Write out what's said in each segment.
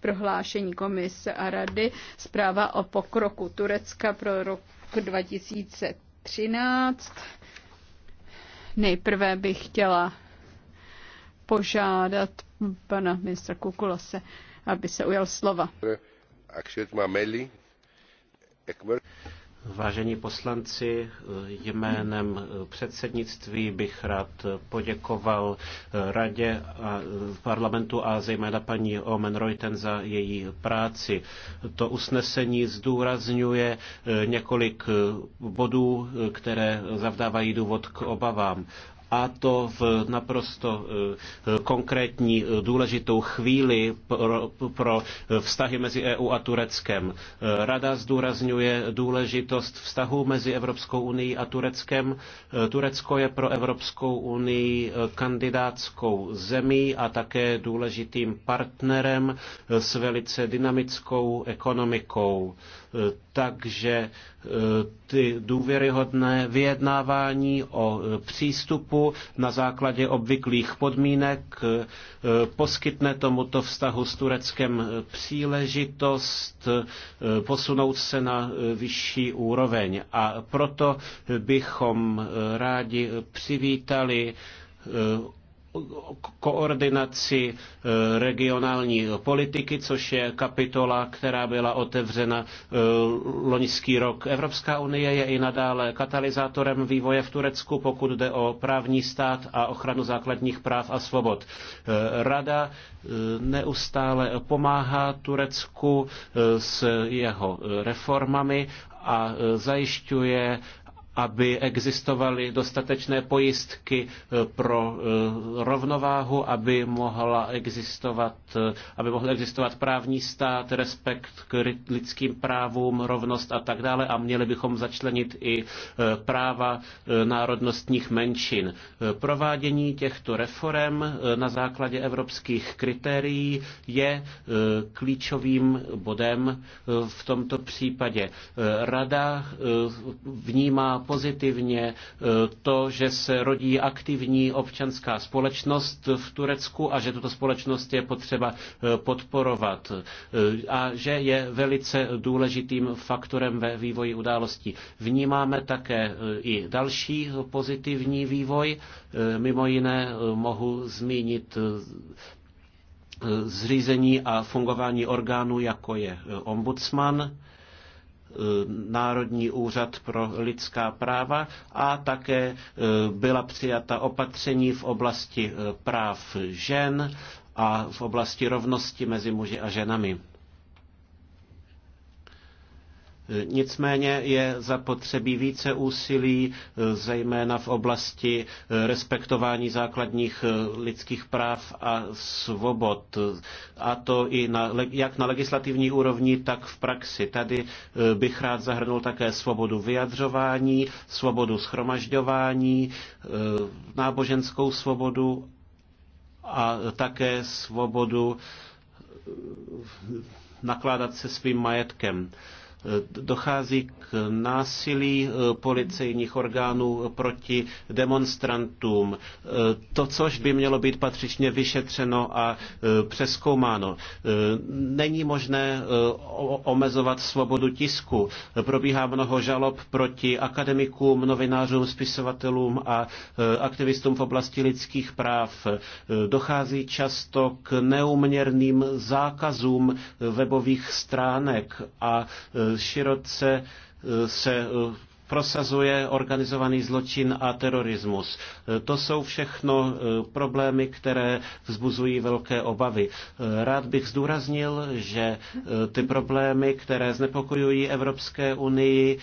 prohlášení komise a rady, zpráva o pokroku Turecka pro rok 2013. Nejprve bych chtěla požádat pana ministra Kukulase, aby se ujal slova. Vážení poslanci, jménem předsednictví bych rád poděkoval radě a parlamentu a zejména paní Omen Reuten za její práci. To usnesení zdůrazňuje několik bodů, které zavdávají důvod k obavám a to v naprosto eh, konkrétní eh, důležitou chvíli pro, pro vztahy mezi EU a Tureckem. Eh, Rada zdůrazňuje důležitost vztahu mezi Evropskou unii a Tureckem. Turecko je pro Evropskou unii kandidátskou zemí a také důležitým partnerem s velice dynamickou ekonomikou Eh, takže eh, ty důvěryhodné vyjednávání o eh, přístupu na základě obvyklých podmínek poskytne tomuto vztahu s Tureckem příležitost posunout se na vyšší úroveň. A proto bychom rádi přivítali koordinaci eh, regionální politiky, což je kapitola, která byla otevřena eh, loňský rok. Evropská unie je i nadále katalyzátorem vývoje v Turecku, pokud jde o právní stát a ochranu základních práv a svobod. Eh, Rada neustále pomáhá Turecku s jeho reformami a zajišťuje aby existovaly dostatečné pojistky eh, pro eh, rovnováhu, aby, mohla existovat, eh, aby mohl existovat právní stát, respekt k lidským právům, rovnost a tak dále a měli bychom začlenit i práva národnostních menšin. Provádění těchto reform na základě evropských kritérií je klíčovým bodem v tomto případě. Rada vnímá pozitivně eh, to, že se rodí aktivní občanská společnost v Turecku a že tuto společnost je potřeba eh, podporovat eh, a že je velice důležitým faktorem ve vývoji událostí. Vnímáme také i další pozitivní vývoj. Mimo jiné mohu zmínit zřízení a fungování orgánů, jako je ombudsman, Eh, Národní úřad pro lidská práva a také eh, byla přijata opatření v oblasti eh, práv žen a v oblasti rovnosti mezi muži a ženami. Nicméně je zapotřebí více úsilí, zejména v oblasti respektování základních lidských práv a svobod. A to i na, jak na legislativní úrovni, tak v praxi. Tady eh, bych rád zahrnul také svobodu vyjadřování, svobodu schromažďování, eh, náboženskou svobodu a také svobodu eh, nakládat se svým majetkem. Eh, dochází k násilí eh, policejních orgánů proti demonstrantům. Eh, to, což by mělo být patřičně vyšetřeno a přeskoumáno. Není možné omezovat svobodu tisku. Probíhá mnoho žalob proti akademikům, novinářům, spisovatelům a aktivistům v oblasti lidských práv. Dochází často k neuměrným zákazům webových stránek a široce eh, se eh, prosazuje organizovaný zločin a terorismus. Eh, to jsou všechno problémy, které vzbuzují velké obavy. Rád bych zdůraznil, že ty problémy, které znepokojují Evropské unii,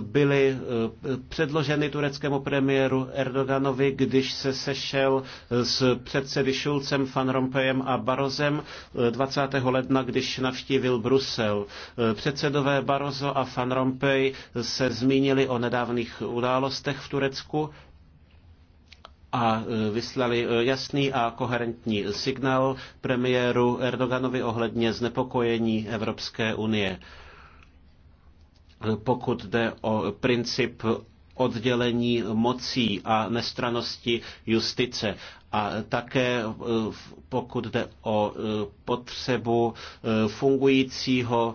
byly eh, předloženy tureckému premiéru Erdoganovi, když se sešel eh, s předsedy Šulcem, Van Rompuyem a Barozem 20. Eh, ledna, když navštívil Brusel. Předsedové Barozo a Van Rompuy se zmínili o nedávných událostech v Turecku a vyslali jasný a koherentní signál premiéru Erdoganovi ohledně znepokojení Evropské unie pokud jde o princip oddělení mocí a nestranosti justice. A také eh, pokud jde o eh, potřebu eh, fungujícího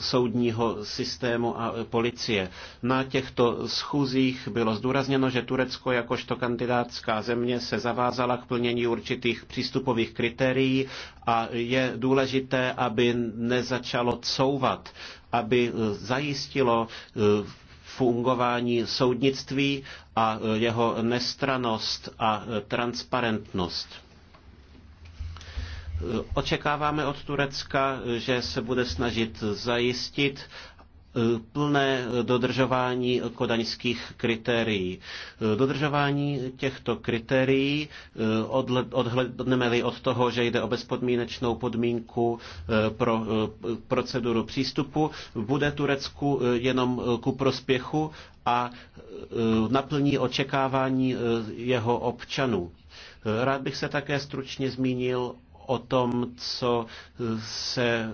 soudního systému a policie. Na těchto schůzích bylo zdůrazněno, že Turecko jakožto kandidátská země se zavázala k plnění určitých přístupových kritérií a je důležité, aby nezačalo couvat aby eh, zajistilo eh, fungování soudnictví a eh, jeho nestranost a transparentnost. Očekáváme od Turecka, že se bude snažit zajistit, plné dodržování kodaňských kritérií. Dodržování těchto kritérií, eh, odhledneme-li od toho, že jde o bezpodmínečnou podmínku eh, pro eh, proceduru přístupu, bude Turecku jenom ku prospěchu a naplní očekávání jeho občanů. Rád bych se také stručně zmínil o tom, co se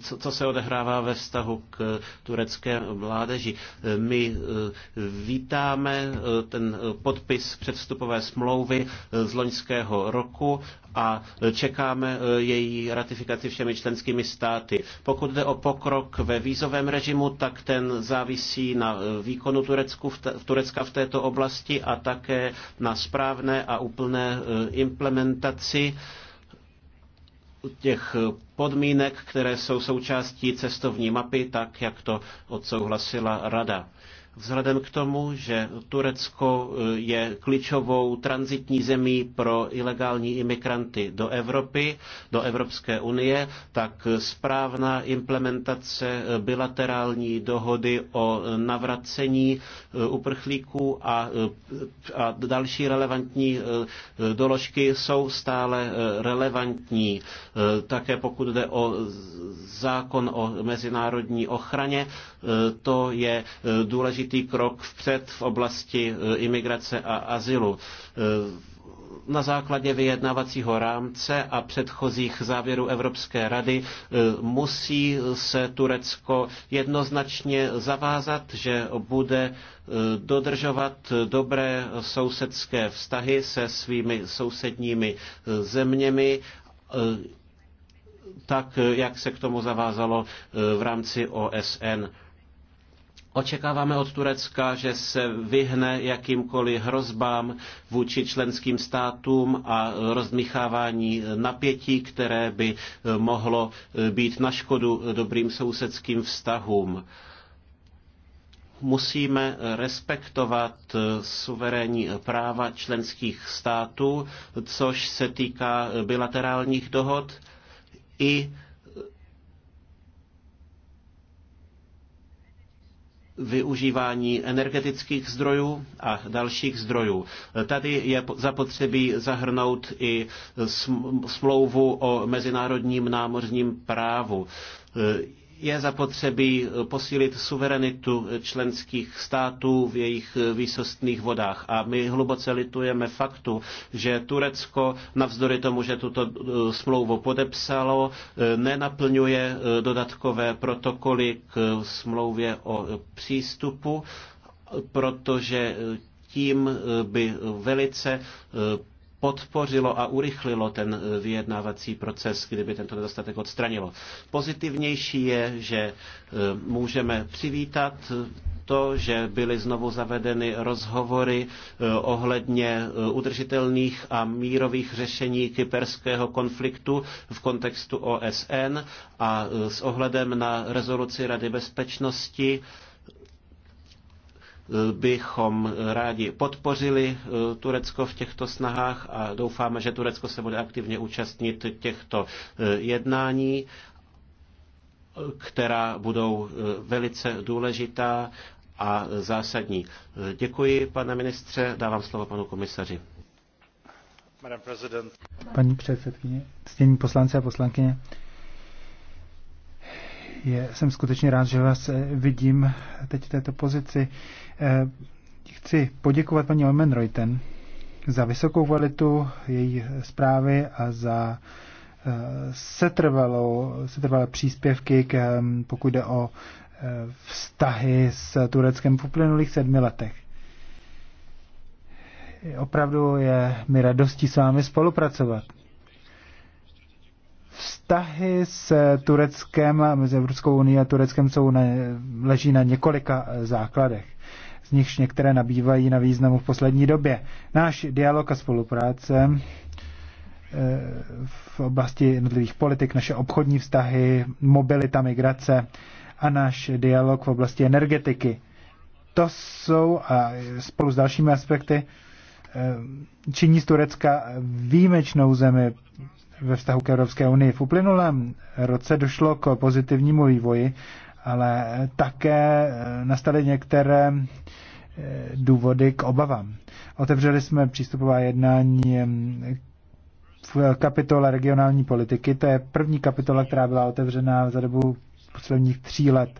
co, co se odehrává ve vztahu k turecké mládeži. My eh, vítáme eh, ten eh, podpis předstupové smlouvy z loňského roku a čekáme její ratifikaci všemi členskými státy. Pokud jde o pokrok ve vízovém režimu, tak ten závisí na výkonu Turecku v v Turecka v této oblasti a také na správné a úplné implementaci těch podmínek, které jsou součástí cestovní mapy, tak jak to odsouhlasila Rada. Vzhledem k tomu, že Turecko eh, je klíčovou transitní zemí pro ilegální imigranty do Evropy, do Evropské unie, tak správná implementace eh, bilaterální dohody o eh, navracení uprchlíků a, a další relevantní doložky jsou stále relevantní. Také pokud jde o zákon o mezinárodní ochraně, to je důležité určitý krok vpřed v oblasti e, imigrace a azylu e, na základě vyjednavacího rámce a předchozích závěrů Evropské rady e, musí se Turecko jednoznačně zavázat, že bude dodržovat dobré sousedské vztahy se svými sousedními zeměmi tak, jak se k tomu zavázalo v rámci OSN. Očekáváme od Turecka, že se vyhne jakýmkoliv hrozbám vůči členským státům a rozmíchávání napětí, které by eh, mohlo eh, být na škodu dobrým sousedským vztahům musíme eh, respektovat suverénní práva členských států, což se týká bilaterálních dohod i využívání energetických zdrojů a dalších zdrojů. Tady je zapotřebí zahrnout i smlouvu o mezinárodním námořním právu je zapotřebí eh, posílit suverenitu eh, členských států v jejich eh, výsostných vodách. A my hluboce litujeme faktu, že Turecko, navzdory tomu, že tuto smlouvu podepsalo, nenaplňuje dodatkové protokoly k smlouvě o přístupu, protože tím by velice podpořilo a urychlilo ten eh, vyjednávací proces, kdyby tento nedostatek odstranilo. Pozitivnější je, že eh, můžeme přivítat eh, to, že byly znovu zavedeny rozhovory ohledně udržitelných a mírových řešení kyperského konfliktu v kontextu OSN a s ohledem na rezoluci Rady bezpečnosti bychom rádi podpořili eh, Turecko v těchto snahách a doufáme, že Turecko se bude aktivně účastnit těchto eh, jednání která budou eh, velice důležitá a zásadní. Děkuji, pane ministře, dávám slovo panu komisaři. Paní předsedkyně, ctění poslanci a poslankyně, je, jsem skutečně rád, že vás eh, vidím teď v této pozici. Eh, chci poděkovat paní Omen Reuten za vysokou kvalitu její zprávy a za eh, setrvalé příspěvky, k, pokud jde o vztahy s Tureckem v uplynulých sedmi letech. Opravdu je mi radostí s vámi spolupracovat. Vztahy s Tureckem, mezi Evropskou unii a Tureckem jsou ne, leží na několika eh, základech z nichž některé nabývají na významu v poslední době. Náš dialog a spolupráce eh, v oblasti jednotlivých politik, naše obchodní vztahy, mobilita, migrace a náš dialog v oblasti energetiky. To jsou a spolu s dalšími aspekty eh, činí z Turecka výjimečnou zemi ve vztahu k Evropské unii. V uplynulém roce došlo k pozitivnímu vývoji, ale také eh, nastaly některé eh, důvody k obavám. Otevřeli jsme přístupová jednání eh, v kapitole regionální politiky. To je první kapitola, která byla otevřena za dobu posledních tří let.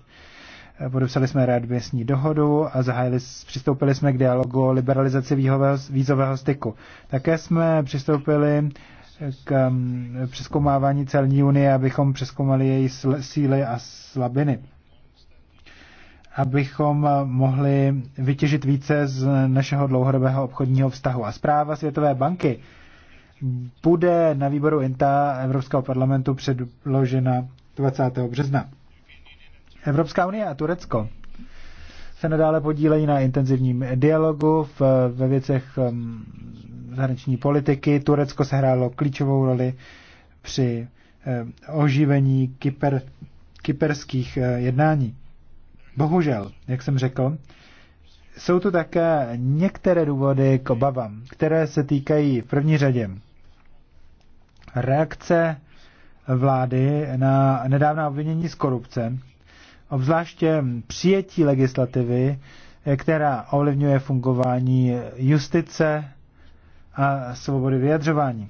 Podepsali jsme readmisní dohodu a zahájili, přistoupili jsme k dialogu o liberalizaci vízového styku. Také jsme přistoupili k um, přeskoumávání celní unie, abychom přeskoumali její síly a slabiny. Abychom uh, mohli vytěžit více z našeho dlouhodobého obchodního vztahu. A zpráva Světové banky bude na výboru INTA Evropského parlamentu předložena 20. března. Evropská unie a Turecko se nadále podílejí na intenzivním dialogu v, ve věcech um, zahraniční politiky. Turecko sehrálo klíčovou roli při eh, oživení kyper, kyperských eh, jednání. Bohužel, jak jsem řekl, jsou tu také některé důvody k obavám, které se týkají v první řadě reakce vlády na nedávná obvinění z korupce, obzvláště přijetí legislativy, eh, která ovlivňuje fungování justice a svobody vyjadřování.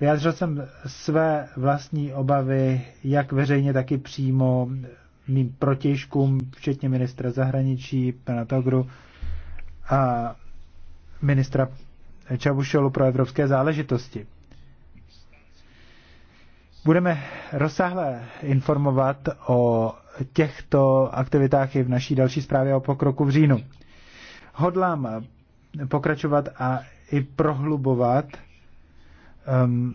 Vyjádřil jsem své vlastní obavy, jak veřejně, tak i přímo mým protěžkům, včetně ministra zahraničí, pana Togru a ministra Čavušelu pro evropské záležitosti. Budeme rozsáhle informovat o těchto aktivitách i v naší další zprávě o pokroku v říjnu. Hodlám pokračovat a i prohlubovat um,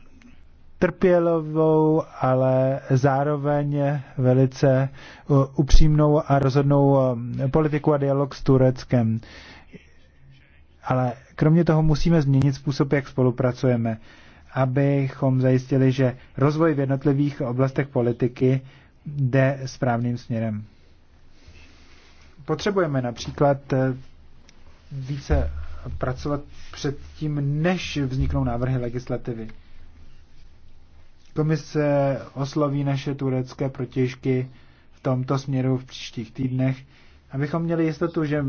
trpělivou, ale zároveň velice uh, upřímnou a rozhodnou um, politiku a dialog s Tureckem. Ale kromě toho musíme změnit způsob, jak spolupracujeme, abychom zajistili, že rozvoj v jednotlivých oblastech politiky jde správným směrem. Potřebujeme například eh, více pracovat před tím, než vzniknou návrhy legislativy. Komise osloví naše turecké protěžky v tomto směru v příštích týdnech, abychom měli jistotu, že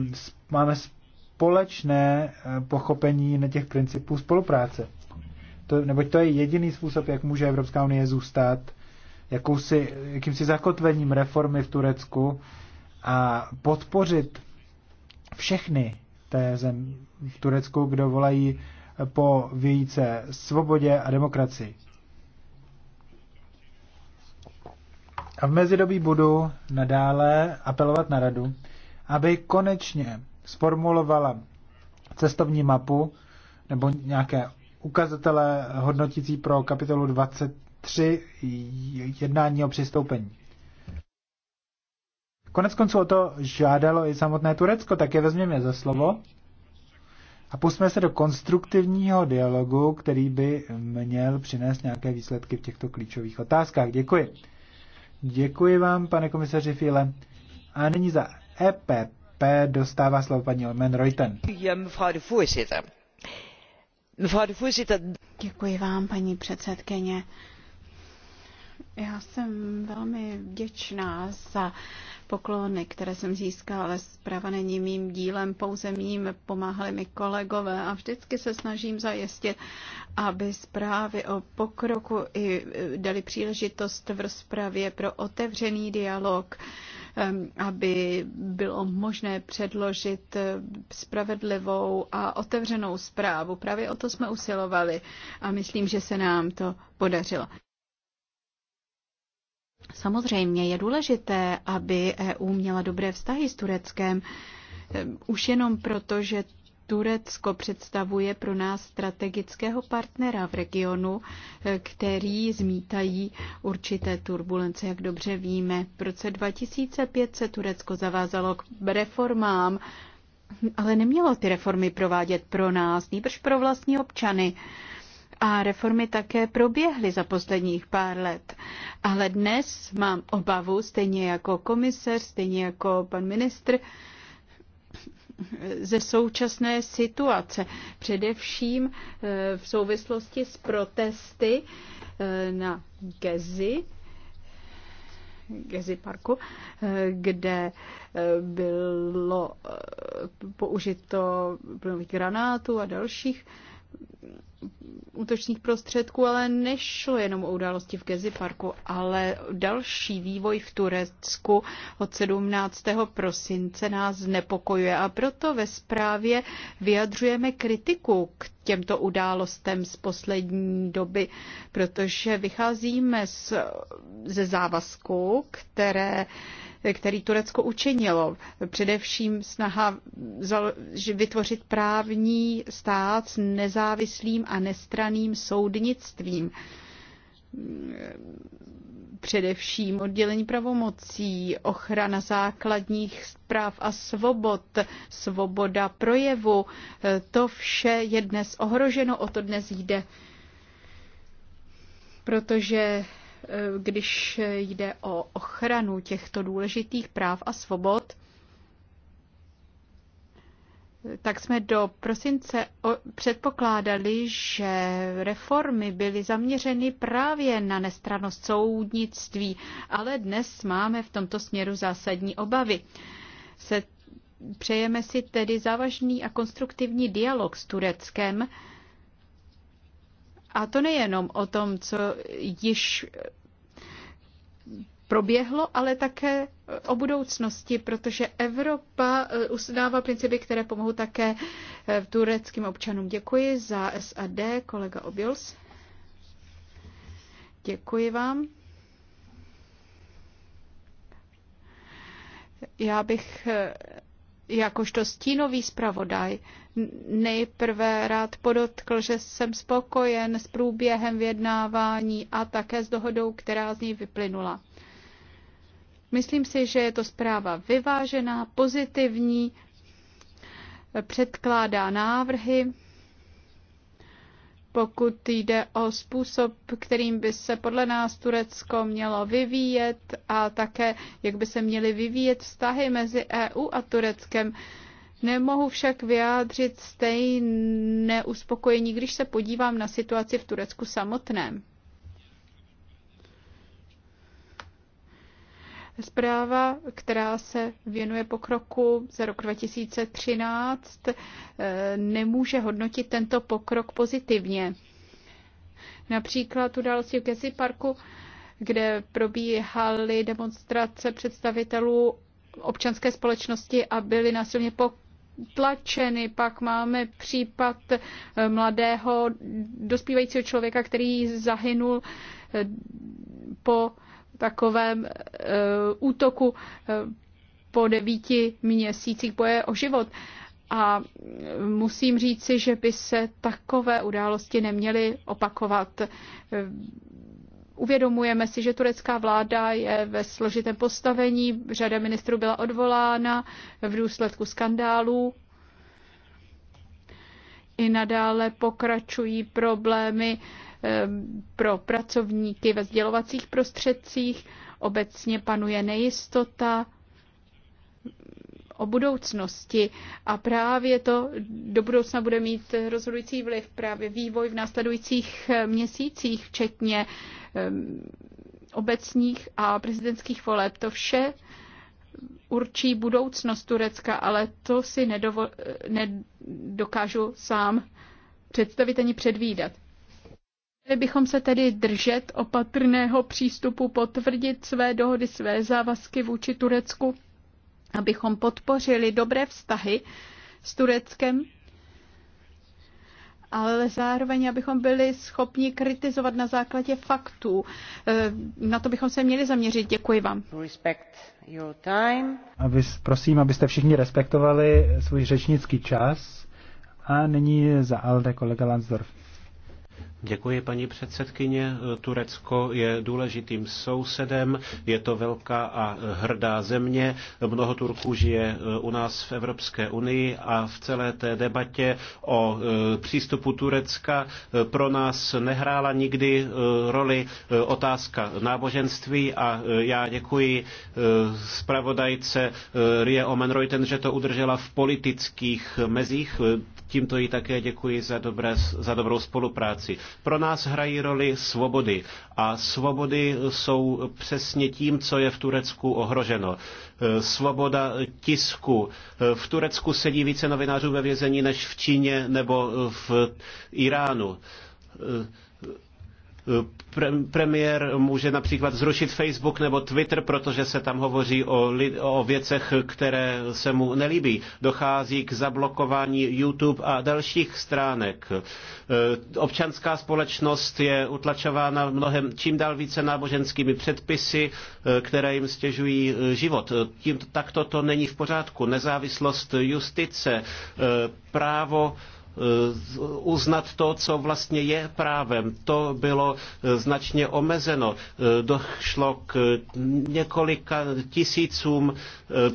máme společné eh, pochopení na těch principů spolupráce. To, neboť to je jediný způsob, jak může Evropská unie zůstat jakousi, jakýmsi zakotvením reformy v Turecku a podpořit všechny té zem, v Turecku, kdo volají po více svobodě a demokracii. A v mezidobí budu nadále apelovat na radu, aby konečně sformulovala cestovní mapu nebo nějaké ukazatele hodnotící pro kapitolu 23 jednání o přistoupení. Konec konců o to žádalo i samotné Turecko, tak je vezměme za slovo a pusme se do konstruktivního dialogu, který by měl přinést nějaké výsledky v těchto klíčových otázkách. Děkuji. Děkuji vám, pane komisaři File. A nyní za EPP dostává slovo paní Olmen Reuten. Děkuji vám, paní předsedkyně. Já jsem velmi vděčná za poklony, které jsem získala, ale zpráva není mým dílem, pouze mým pomáhali mi kolegové a vždycky se snažím zajistit, aby zprávy o pokroku i e, dali příležitost v rozpravě pro otevřený dialog, aby bylo možné předložit e, spravedlivou a otevřenou zprávu. Právě o to jsme usilovali a myslím, že se nám to podařilo. Samozřejmě je důležité, aby EU měla dobré vztahy s Tureckem, ehm, už jenom proto, že Turecko představuje pro nás strategického partnera v regionu, eh, který zmítají určité turbulence, jak dobře víme. V roce 2005 se Turecko zavázalo k reformám, ale nemělo ty reformy provádět pro nás, nýbrž pro vlastní občany a reformy také proběhly za posledních pár let. Ale dnes mám obavu, stejně jako komisař, stejně jako pan ministr, ze současné situace, především eh, v souvislosti s protesty eh, na Gezi, Gezi parku, eh, kde bylo použito granátů a dalších útočných prostředků, ale nešlo jenom o události v Gezi parku, ale další vývoj v Turecku od 17. prosince nás znepokojuje a proto ve zprávě vyjadřujeme kritiku k těmto událostem z poslední doby, protože vycházíme z, ze závazků, které který Turecko učinilo. Především snaha vytvořit právní stát s nezávislým a nestraným soudnictvím především oddělení pravomocí, ochrana základních práv a svobod, svoboda projevu. To vše je dnes ohroženo, o to dnes jde. Protože eh, když jde o ochranu těchto důležitých práv a svobod, tak jsme do prosince předpokládali, že reformy byly zaměřeny právě na nestranost soudnictví, ale dnes máme v tomto směru zásadní obavy. Se, přejeme si tedy závažný a konstruktivní dialog s Tureckem, a to nejenom o tom, co již proběhlo, ale také e, o budoucnosti, protože Evropa e, usnává principy, které pomohou také e, tureckým občanům. Děkuji za SAD, kolega Obils. Děkuji vám. Já bych jakožto stínový zpravodaj nejprve rád podotkl, že jsem spokojen s průběhem vyjednávání a také s dohodou, která z ní vyplynula. Myslím si, že je to zpráva vyvážená, pozitivní, předkládá návrhy, pokud jde o způsob, kterým by se podle nás Turecko mělo vyvíjet a také, jak by se měly vyvíjet vztahy mezi EU a Tureckem. Nemohu však vyjádřit stejné uspokojení, když se podívám na situaci v Turecku samotném. Zpráva, která se věnuje pokroku za rok 2013, eh, nemůže hodnotit tento pokrok pozitivně. Například události v Gezi parku, kde probíhaly demonstrace představitelů občanské společnosti a byly násilně potlačeny. Pak máme případ eh, mladého dospívajícího člověka, který zahynul eh, po takovém uh, útoku eh, po devíti měsících boje o život. A eh, musím říci, že by se takové události neměly opakovat. Uvědomujeme si, že turecká vláda je ve složitém postavení, řada ministrů byla odvolána v důsledku skandálů. I nadále pokračují problémy pro pracovníky ve sdělovacích prostředcích. Obecně panuje nejistota o budoucnosti a právě to do budoucna bude mít rozhodující vliv právě vývoj v následujících eh, měsících, včetně eh, obecních a prezidentských voleb. To vše určí budoucnost Turecka, ale to si eh, nedokážu sám představit ani předvídat. Měli bychom se tedy držet opatrného přístupu, potvrdit své dohody, své závazky vůči Turecku, abychom podpořili dobré vztahy s Tureckem, ale zároveň, abychom byli schopni kritizovat na základě faktů. Eh, na to bychom se měli zaměřit. Děkuji vám. Aby, prosím, abyste všichni respektovali svůj řečnický čas. A nyní za Alde kolega Lansdorf. Děkuji, paní předsedkyně. Turecko je důležitým sousedem, je to velká a hrdá země. Mnoho Turků žije eh, u nás v Evropské unii a v celé té debatě o eh, přístupu Turecka eh, pro nás nehrála nikdy roli otázka náboženství a já děkuji zpravodajce Rie Omenreuten, že to udržela v politických mezích. Tímto jí také děkuji za, dobré, za dobrou spolupráci. Pro nás hrají roli svobody a svobody jsou přesně tím, co je v Turecku ohroženo. E, svoboda tisku. E, v Turecku sedí více novinářů ve vězení než v Číně nebo v Iránu e, premiér může například zrušit Facebook nebo Twitter, protože se tam hovoří o, o věcech, které se mu nelíbí. Dochází k zablokování YouTube a dalších stránek. E, občanská společnost je utlačována mnohem čím dál více náboženskými předpisy, e, které jim stěžují e, život. Tím, takto to není v pořádku. Nezávislost justice, právo Eh, uznat to, co vlastně je právem. To bylo eh, značně omezeno. Eh, došlo k několika tisícům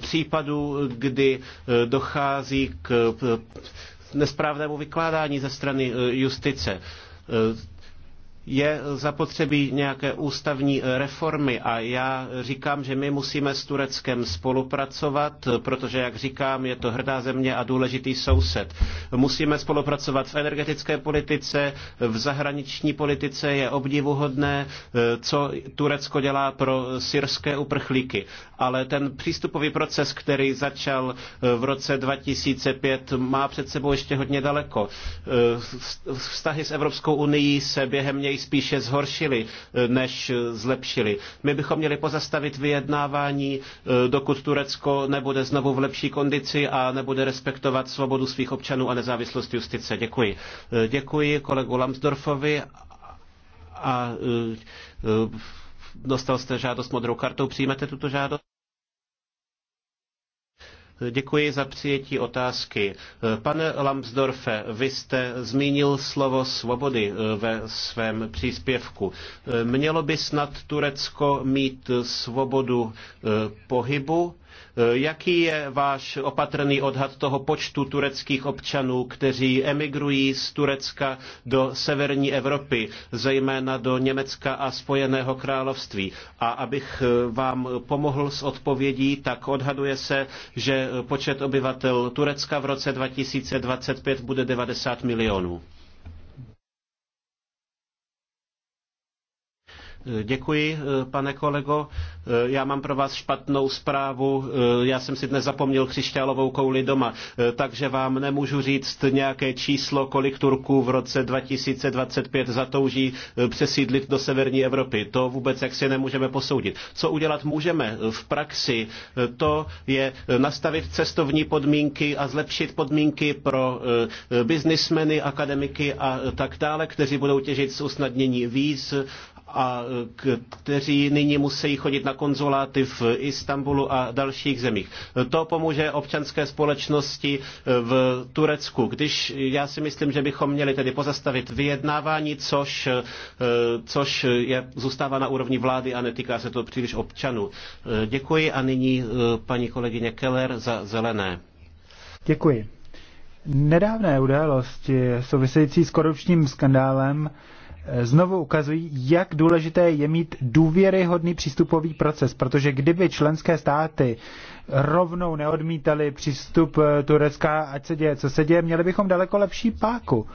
případů, kdy dochází k nesprávnému vykládání ze strany justice je zapotřebí nějaké ústavní reformy a já říkám, že my musíme s Tureckem spolupracovat, protože, jak říkám, je to hrdá země a důležitý soused. Musíme spolupracovat v energetické politice, v zahraniční politice je obdivuhodné, co Turecko dělá pro syrské uprchlíky. Ale ten přístupový proces, který začal v roce 2005, má před sebou ještě hodně daleko. Vztahy s Evropskou unii se během něj jej spíše zhoršili, e, než e, zlepšili. My bychom měli pozastavit vyjednávání, e, dokud Turecko nebude znovu v lepší kondici a nebude respektovat svobodu svých občanů a nezávislost justice. Děkuji. Děkuji kolegu Lambsdorfovi a dostal jste žádost modrou kartou. Přijmete tuto žádost? Děkuji za přijetí otázky. Pane Lambsdorfe, vy jste zmínil slovo svobody eh, ve svém příspěvku. Eh, mělo by snad Turecko mít svobodu eh, pohybu Eh, jaký je váš opatrný odhad toho počtu tureckých občanů, kteří emigrují z Turecka do severní Evropy, zejména do Německa a Spojeného království? A abych eh, vám pomohl s odpovědí, tak odhaduje se, že počet obyvatel Turecka v roce 2025 bude 90 milionů. Děkuji, eh, pane kolego. Eh, já mám pro vás špatnou zprávu. Eh, já jsem si dnes zapomněl křišťálovou kouli doma, takže vám nemůžu říct nějaké číslo, kolik Turků v roce 2025 zatouží přesídlit do severní Evropy. To vůbec jak si nemůžeme posoudit. Co udělat můžeme v praxi, to je nastavit cestovní podmínky a zlepšit podmínky pro biznismeny, akademiky a tak dále, kteří budou těžit z usnadnění víz, a e, kteří nyní musí chodit na konzuláty v Istanbulu a dalších zemích. To pomůže občanské společnosti e, v Turecku. Když já si myslím, že bychom měli tedy pozastavit vyjednávání, což, e, což je, zůstává na úrovni vlády a netýká se to příliš občanů. Děkuji a nyní paní kolegyně Keller za zelené. Děkuji. Nedávné události související s korupčním skandálem Eh, znovu ukazují, jak důležité je mít důvěryhodný přístupový proces, protože kdyby členské státy rovnou neodmítali přístup eh, Turecka, ať se děje, co se děje, měli bychom daleko lepší páku.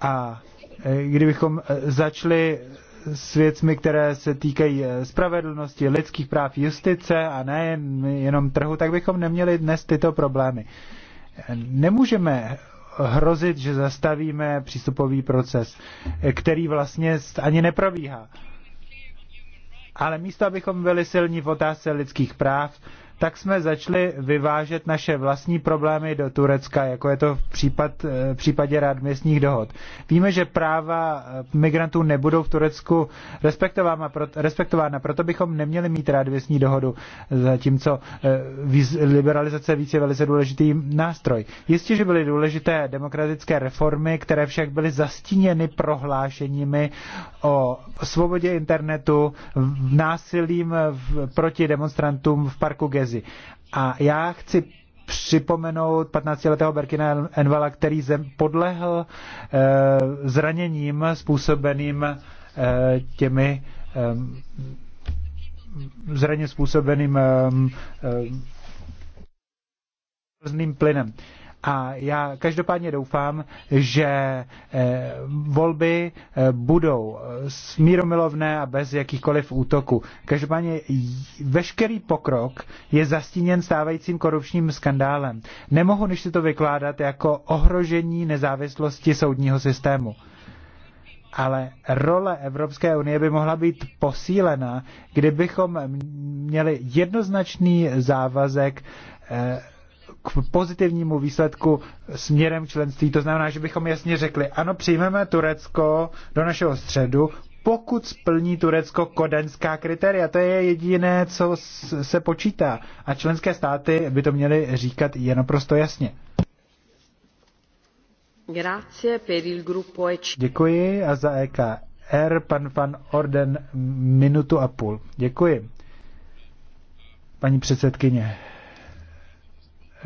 A eh, kdybychom začali s věcmi, které se týkají spravedlnosti, lidských práv, justice a ne jenom trhu, tak bychom neměli dnes tyto problémy. Nemůžeme hrozit, že zastavíme přístupový proces, který vlastně ani neprobíhá. Ale místo, abychom byli silní v otázce lidských práv, tak jsme začali vyvážet naše vlastní problémy do Turecka, jako je to v, případ, eh, v případě městních dohod. Víme, že práva eh, migrantů nebudou v Turecku respektována, respektována proto bychom neměli mít městní dohodu, zatímco eh, liberalizace víc je velice důležitý nástroj. Jistě, že byly důležité demokratické reformy, které však byly zastíněny prohlášeními o svobodě internetu, násilím proti demonstrantům v parku Gezi brzy. A já chci připomenout 15-letého Berkina Envala, který zem podlehl eh, zraněním způsobeným eh, těmi eh, zraně způsobeným eh, eh, plynem. Eh, a já každopádně doufám, že eh, volby eh, budou eh, smíromilovné a bez jakýchkoliv útoků. Každopádně veškerý pokrok je zastíněn stávajícím korupčním skandálem. Nemohu než si to vykládat jako ohrožení nezávislosti soudního systému ale role Evropské unie by mohla být posílena, kdybychom měli jednoznačný závazek k pozitivnímu výsledku směrem členství. To znamená, že bychom jasně řekli, ano, přijmeme Turecko do našeho středu, pokud splní Turecko kodenská kritéria. To je jediné, co se počítá. A členské státy by to měly říkat jenom naprosto jasně. E Děkuji a za EKR pan Van Orden minutu a půl. Děkuji. Paní předsedkyně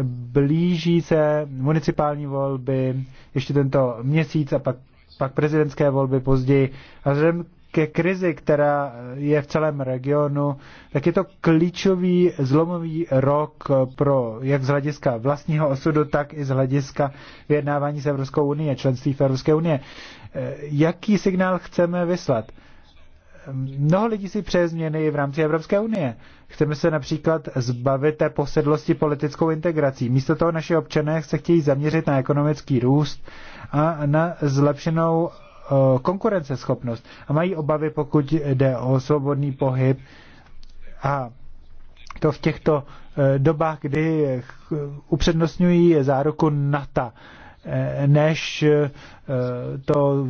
blíží se municipální volby ještě tento měsíc a pak, pak prezidentské volby později. A vzhledem ke krizi, která je v celém regionu, tak je to klíčový zlomový rok pro jak z hlediska vlastního osudu, tak i z hlediska vyjednávání s Evropskou unie, členství v Evropské unie. Jaký signál chceme vyslat? mnoho lidí si přeje změny v rámci Evropské unie. Chceme se například zbavit té posedlosti politickou integrací. Místo toho naše občané se chtějí zaměřit na ekonomický růst a na zlepšenou eh, konkurenceschopnost a mají obavy, pokud jde o svobodný pohyb a to v těchto eh, dobách, kdy eh, upřednostňují záruku NATO, než to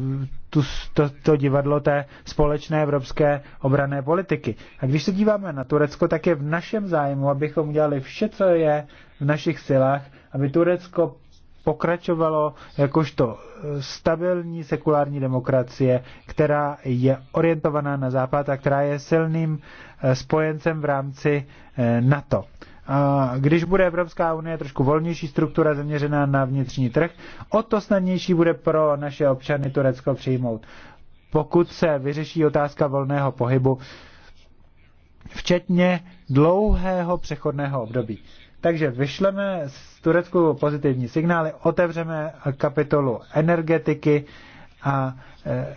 tu, to, to divadlo té společné evropské obrané politiky. A když se díváme na Turecko, tak je v našem zájmu, abychom udělali vše, co je v našich silách, aby Turecko pokračovalo jakožto stabilní sekulární demokracie, která je orientovaná na západ a která je silným eh, spojencem v rámci eh, NATO když bude Evropská unie trošku volnější struktura zaměřená na vnitřní trh, o to snadnější bude pro naše občany Turecko přijmout. Pokud se vyřeší otázka volného pohybu, včetně dlouhého přechodného období. Takže vyšleme z Turecku pozitivní signály, otevřeme kapitolu energetiky a eh,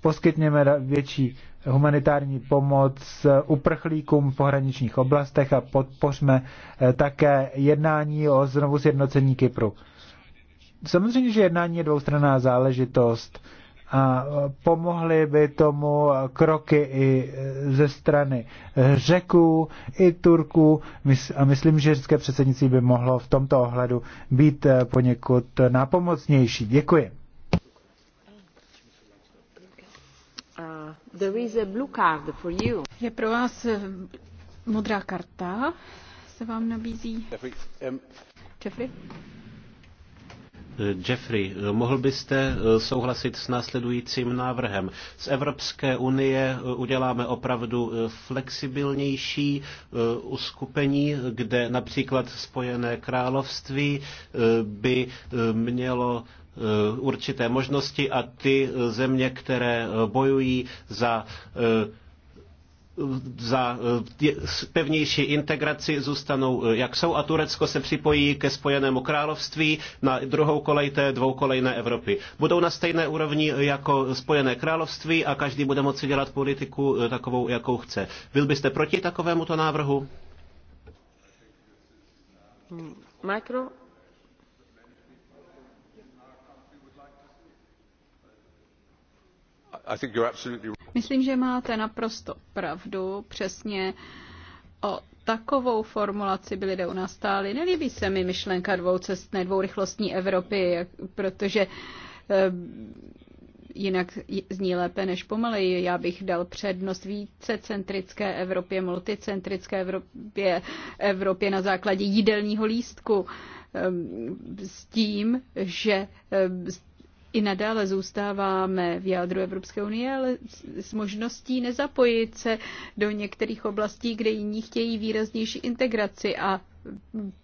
poskytněme větší humanitární pomoc uprchlíkům v pohraničních oblastech a podpořme eh, také jednání o znovu sjednocení Kypru. Samozřejmě, že jednání je dvoustranná záležitost a eh, pomohly by tomu kroky i eh, ze strany Řeků, i Turků a myslím, že řecké předsednictví by mohlo v tomto ohledu být poněkud nápomocnější. Děkuji. Je pro vás eh, modrá karta, se vám nabízí. Jeffrey? Jeffrey, eh, eh, mohl byste souhlasit s následujícím návrhem? Z Evropské unie uděláme opravdu flexibilnější uskupení, kde například Spojené království by mělo Eh, určité možnosti a ty eh, země, které eh, bojují za za pevnější integraci zůstanou, jak jsou, a Turecko se připojí ke Spojenému království na druhou kolej té dvoukolejné Evropy. Budou na stejné úrovni jako Spojené království a každý bude moci dělat politiku takovou, jakou chce. Byl byste proti takovému to návrhu? Mikro? Myslím, že máte naprosto pravdu. Přesně o takovou formulaci by lidé u nás stáli. Nelíbí se mi myšlenka dvoucestné, dvourychlostní Evropy, protože eh, jinak zní lépe než pomaleji. Já bych dal přednost vícecentrické Evropě, multicentrické Evropě, Evropě na základě jídelního lístku eh, s tím, že eh, i nadále zůstáváme v jádru Evropské unie, ale s možností nezapojit se do některých oblastí, kde jiní chtějí výraznější integraci a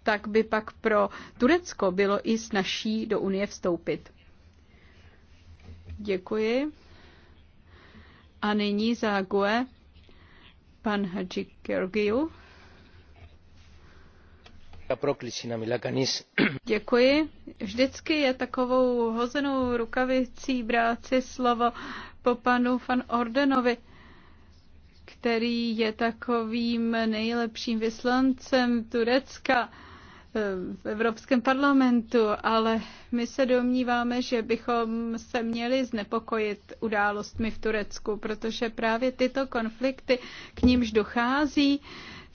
tak by pak pro Turecko bylo i snažší do Unie vstoupit. Děkuji. A nyní za GUE pan Hadži Georgiou. Děkuji. Vždycky je takovou hozenou rukavicí si slovo po panu van Ordenovi, který je takovým nejlepším vyslancem Turecka eh, v Evropském parlamentu, ale my se domníváme, že bychom se měli znepokojit událostmi v Turecku, protože právě tyto konflikty, k nímž dochází,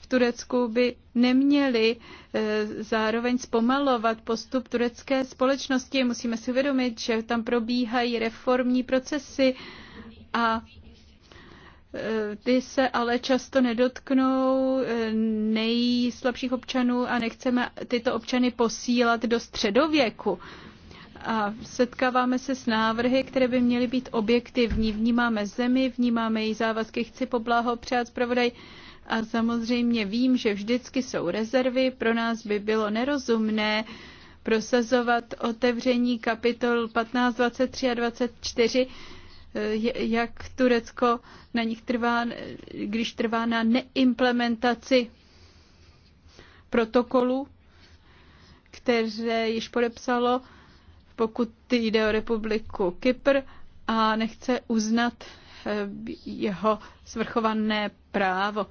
v Turecku by neměli eh, zároveň zpomalovat postup turecké společnosti. Musíme si uvědomit, že tam probíhají reformní procesy a eh, ty se ale často nedotknou eh, nejslabších občanů a nechceme tyto občany posílat do středověku. A setkáváme se s návrhy, které by měly být objektivní. Vnímáme zemi, vnímáme její závazky. Chci poblahopřát zpravodaj a samozřejmě vím, že vždycky jsou rezervy. Pro nás by bylo nerozumné prosazovat otevření kapitol 15, 23 a 24, eh, jak Turecko na nich trvá, když trvá na neimplementaci protokolu, které již podepsalo, pokud jde o republiku Kypr a nechce uznat eh, jeho svrchované právo.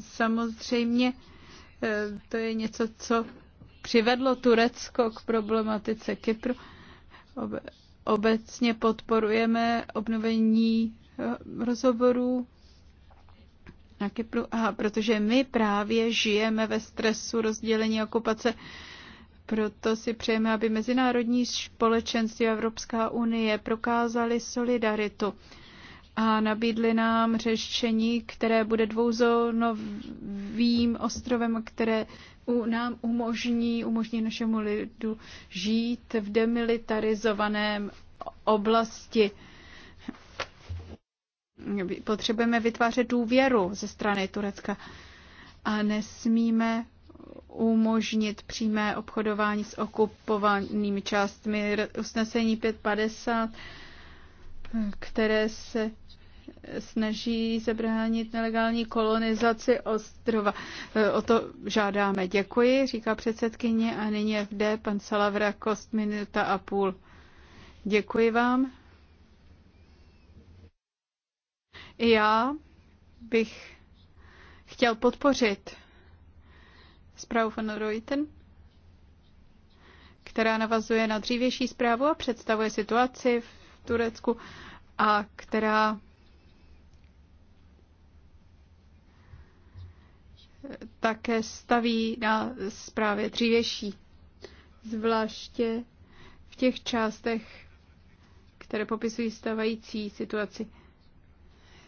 Samozřejmě eh, to je něco, co přivedlo Turecko k problematice Kypru. Obecně podporujeme obnovení eh, rozhovorů na Kypru. Aha, protože my právě žijeme ve stresu rozdělení okupace. Proto si přejeme, aby mezinárodní společenství Evropská unie prokázali solidaritu a nabídli nám řešení, které bude dvouzónovým ostrovem, které u, nám umožní, umožní našemu lidu žít v demilitarizovaném oblasti. Potřebujeme vytvářet důvěru ze strany Turecka a nesmíme umožnit přímé obchodování s okupovanými částmi. Usnesení 550 které se snaží zabránit nelegální kolonizaci ostrova. E, o to žádáme. Děkuji, říká předsedkyně a nyní FD, pan Salavra, kost minuta a půl. Děkuji vám. I já bych chtěl podpořit zprávu von Reuten, která navazuje na dřívější zprávu a představuje situaci v Turecku a která také staví na zprávě dřívější, zvláště v těch částech, které popisují stavající situaci.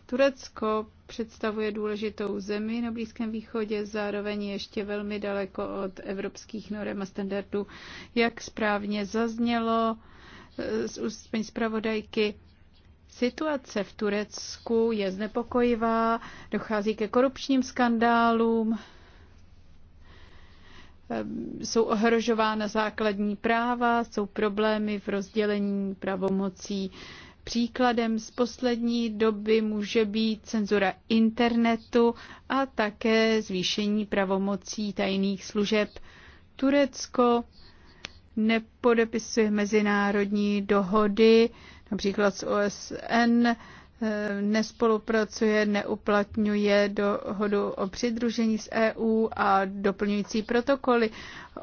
Turecko představuje důležitou zemi na Blízkém východě, zároveň ještě velmi daleko od evropských norem a standardů. Jak správně zaznělo, z úst paní zpravodajky. Situace v Turecku je znepokojivá, dochází ke korupčním skandálům, ehm, jsou ohrožována základní práva, jsou problémy v rozdělení pravomocí. Příkladem z poslední doby může být cenzura internetu a také zvýšení pravomocí tajných služeb. Turecko nepodepisuje mezinárodní dohody, například s OSN, eh, nespolupracuje, neuplatňuje dohodu o přidružení s EU a doplňující protokoly.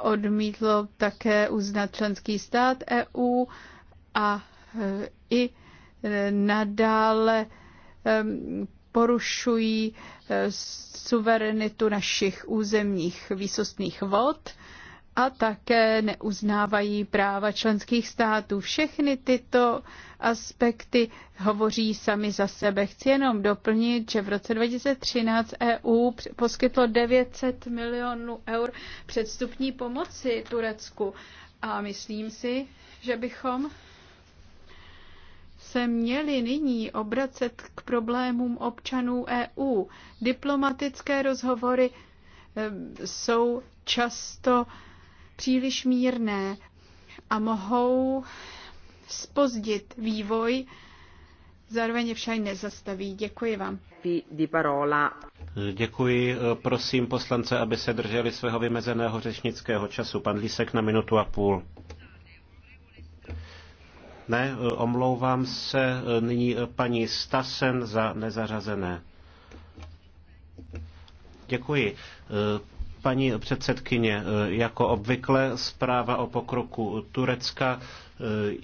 Odmítlo také uznat členský stát EU a eh, i eh, nadále porušují suverenitu našich územních výsostných vod a také neuznávají práva členských států. Všechny tyto aspekty hovoří sami za sebe. Chci jenom doplnit, že v roce 2013 EU poskytlo 900 milionů eur předstupní pomoci Turecku a myslím si, že bychom se měli nyní obracet k problémům občanů EU. Diplomatické rozhovory ehm, jsou často příliš mírné a mohou spozdit vývoj, zároveň je však nezastaví. Děkuji vám. Děkuji. Prosím poslance, aby se drželi svého vymezeného řečnického času. Pan Lísek na minutu a půl. Ne, omlouvám se nyní paní Stasen za nezařazené. Děkuji. Paní předsedkyně, e, jako obvykle zpráva o pokroku Turecka e,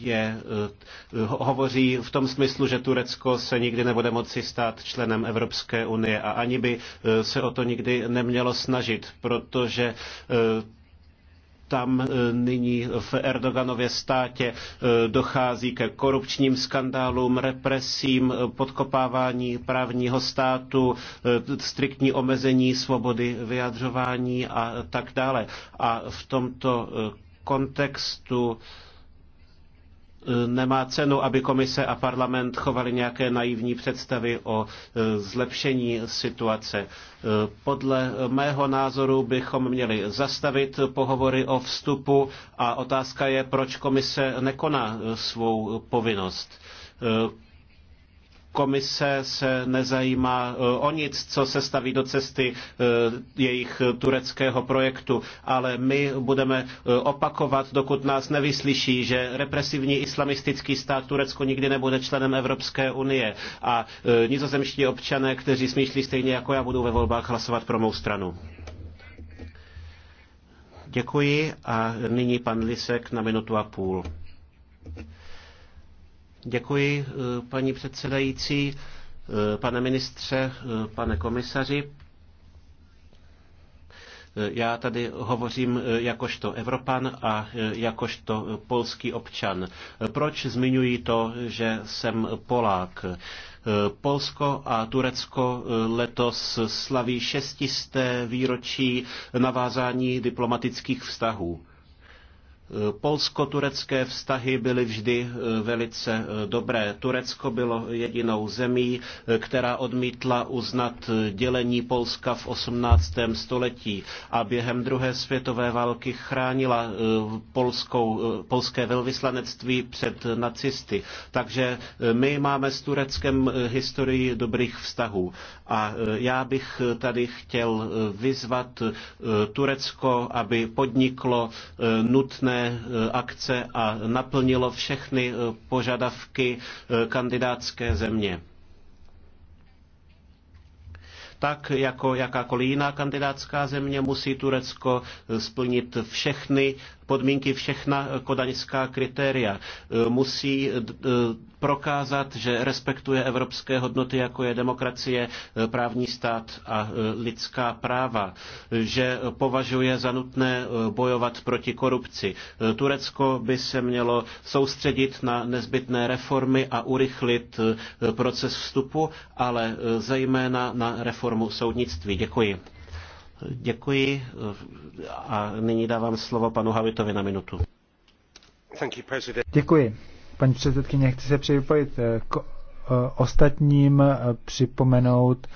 je, e, hovoří v tom smyslu, že Turecko se nikdy nebude moci stát členem Evropské unie a ani by se o to nikdy nemělo snažit, protože tam e, nyní v Erdoganově státě e, dochází ke korupčním skandálům, represím, e, podkopávání právního státu, striktní omezení svobody vyjadřování a tak dále. A v tomto kontextu E, nemá cenu, aby komise a parlament chovali nějaké naivní představy o e, zlepšení situace. E, podle mého názoru bychom měli zastavit pohovory o vstupu a otázka je, proč komise nekoná svou povinnost komise se nezajímá eh, o nic, co se staví do cesty eh, jejich tureckého projektu, ale my budeme eh, opakovat, dokud nás nevyslyší, že represivní islamistický stát Turecko nikdy nebude členem Evropské unie a nizozemští občané, kteří smýšlí stejně jako já, budou ve volbách hlasovat pro mou stranu. Děkuji a nyní pan Lisek na minutu a půl. Děkuji, eh, paní předsedající, eh, pane ministře, eh, pane komisaři. Já tady hovořím jakožto Evropan a jakožto polský občan. Proč zmiňuji to, že jsem Polák? Polsko a Turecko letos slaví šestisté výročí navázání diplomatických vztahů. Polsko-turecké vztahy byly vždy e, velice e, dobré. Turecko bylo jedinou zemí, e, která odmítla uznat dělení Polska v 18. století a během druhé světové války chránila polskou, polské velvyslanectví před nacisty. Takže my máme s Tureckem historii dobrých vztahů. A já bych tady chtěl vyzvat Turecko, aby podniklo nutné E, akce a naplnilo všechny e, požadavky e, kandidátské země tak jako jakákoliv jiná kandidátská země musí Turecko splnit všechny podmínky, všechna kodaňská kritéria. Musí eh, prokázat, že respektuje evropské hodnoty, jako je demokracie, eh, právní stát a eh, lidská práva, že považuje za nutné bojovat proti korupci. Turecko by se mělo soustředit na nezbytné reformy a urychlit proces vstupu, ale zejména na reformu soudnictví. Děkuji. Děkuji eh, a nyní dávám slovo panu Havitovi na minutu. Děkuji. Paní předsedkyně, chci se připojit eh, k eh, ostatním připomenout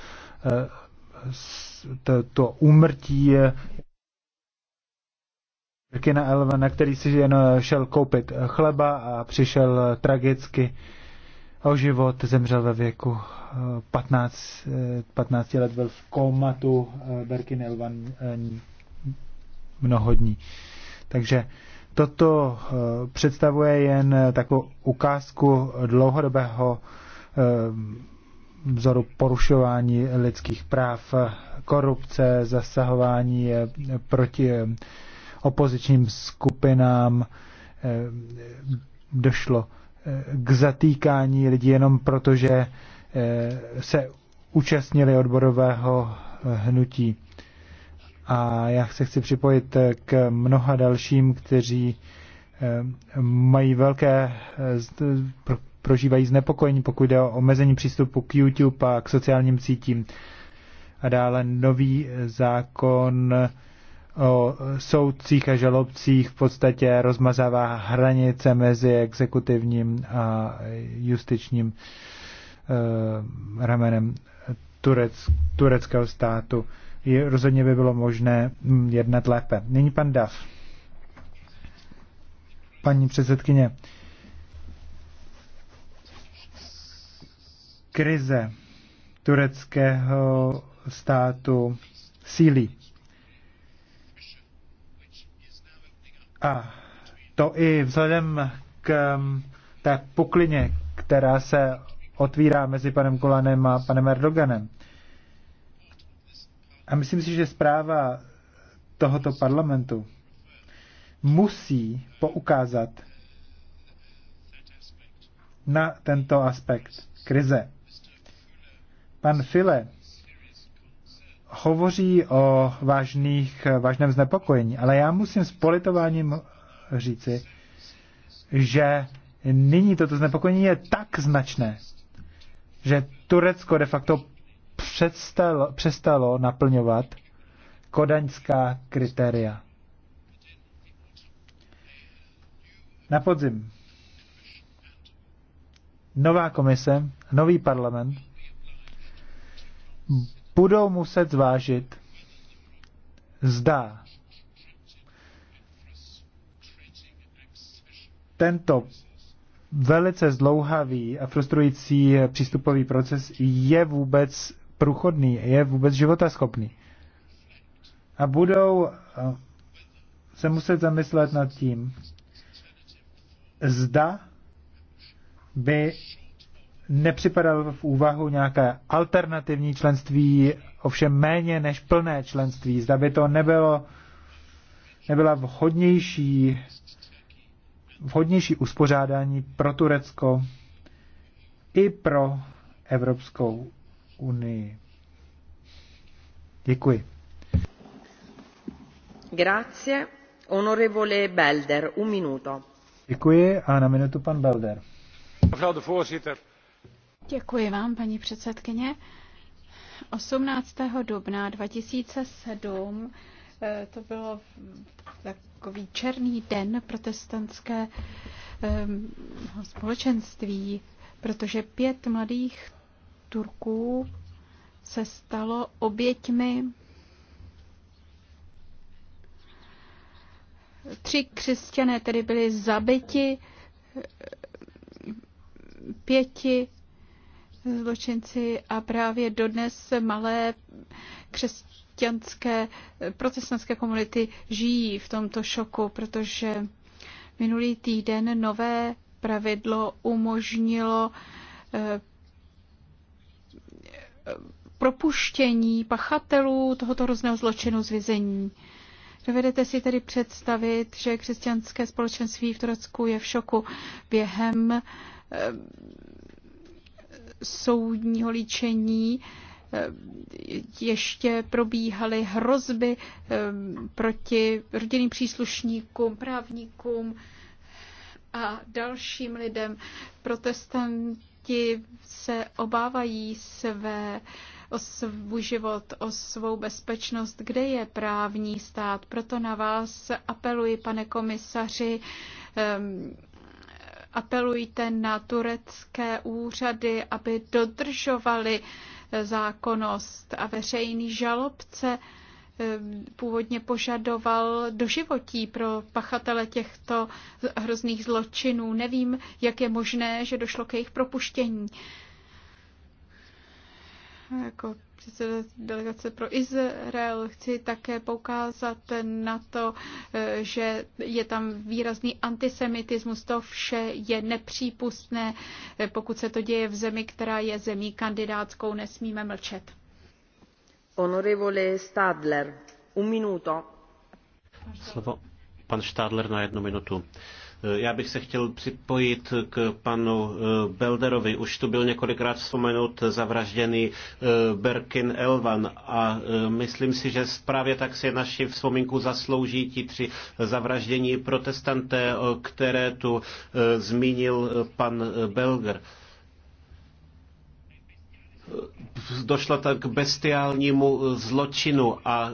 to, to úmrtí Kina Elvena, který si jen šel koupit chleba a přišel tragicky o život, zemřel ve věku 15, eh, 15 eh, let, byl v komatu eh, Berkin Elvan mnoho dní. Takže toto představuje jen takovou ukázku dlouhodobého vzoru porušování lidských práv, korupce, zasahování proti opozičním skupinám došlo k zatýkání lidí jenom proto, že eh, se účastnili odborového hnutí. A já se chci připojit eh, k mnoha dalším, kteří eh, mají velké, prožívají znepokojení, pokud jde o omezení přístupu k YouTube a k sociálním sítím. A dále nový zákon o soudcích a žalobcích v podstatě rozmazává hranice mezi exekutivním a justičním eh, ramenem Turec, tureckého státu. Je, rozhodně by bylo možné mm, jednat lépe. Nyní pan Dav. Paní předsedkyně, krize tureckého státu sílí A to i vzhledem k um, té puklině, která se otvírá mezi panem Kolanem a panem Erdoganem. A myslím si, že zpráva tohoto parlamentu musí poukázat na tento aspekt krize. Pan File hovoří o vážných, vážném znepokojení, ale já musím s politováním říci, že nyní toto znepokojení je tak značné, že Turecko de facto přestalo, přestalo naplňovat kodaňská kritéria. Na podzim nová komise, nový parlament budou muset zvážit, zda tento velice zdlouhavý a frustrující přístupový proces je vůbec průchodný, je vůbec životaschopný. A budou eh, se muset zamyslet nad tím, zda by nepřipadalo v úvahu nějaké alternativní členství, ovšem méně než plné členství. Zda by to nebylo, nebyla vhodnější, vhodnější uspořádání pro Turecko i pro Evropskou unii. Děkuji. Grazie. Onorevole Belder, un minuto. Děkuji a na minutu pan Belder. Mevrouw de voorzitter, Děkuji vám, paní předsedkyně. 18. dubna 2007 eh, to bylo takový černý den protestantské eh, společenství, protože pět mladých Turků se stalo oběťmi tři křesťané tedy byli zabiti eh, pěti zločinci a právě dodnes malé křesťanské protestantské komunity žijí v tomto šoku, protože minulý týden nové pravidlo umožnilo eh, propuštění pachatelů tohoto hrozného zločinu z vězení. Dovedete si tedy představit, že křesťanské společenství v Turecku je v šoku během eh, soudního líčení eh, ještě probíhaly hrozby eh, proti rodinným příslušníkům, právníkům a dalším lidem. Protestanti se obávají své o svůj život, o svou bezpečnost, kde je právní stát. Proto na vás apeluji, pane komisaři, apelujte na turecké úřady, aby dodržovali eh, zákonnost a veřejný žalobce eh, původně požadoval doživotí pro pachatele těchto hrozných zločinů. Nevím, jak je možné, že došlo k jejich propuštění jako předseda delegace pro Izrael chci také poukázat na to, eh, že je tam výrazný antisemitismus. To vše je nepřípustné. Eh, pokud se to děje v zemi, která je zemí kandidátskou, nesmíme mlčet. Honorevole Stadler, un minuto. Slovo pan Stadler na jednu minutu. Eh, já bych se chtěl připojit k panu eh, Belderovi. Už tu byl několikrát vzpomenut zavražděný eh, Berkin Elvan a myslím si, že právě tak si naši vzpomínku zaslouží ti tři zavraždění protestanté, které tu zmínil pan Belger došlo tak k bestiálnímu zločinu a e,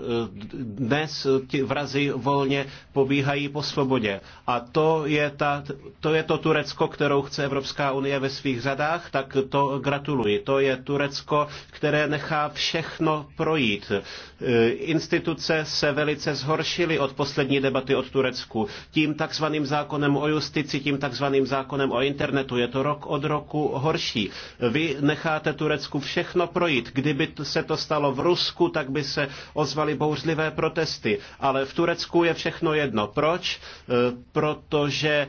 dnes ti vrazy volně pobíhají po svobodě. A to je, ta, to je to Turecko, kterou chce Evropská unie ve svých řadách, tak to gratuluji. To je Turecko, které nechá všechno projít. E, instituce se velice zhoršily od poslední debaty od Turecku. Tím takzvaným zákonem o justici, tím takzvaným zákonem o internetu je to rok od roku horší. Vy necháte Turecku všechno projít. Kdyby se to stalo v Rusku, tak by se ozvaly bouřlivé protesty. Ale v Turecku je všechno jedno. Proč? E, protože e,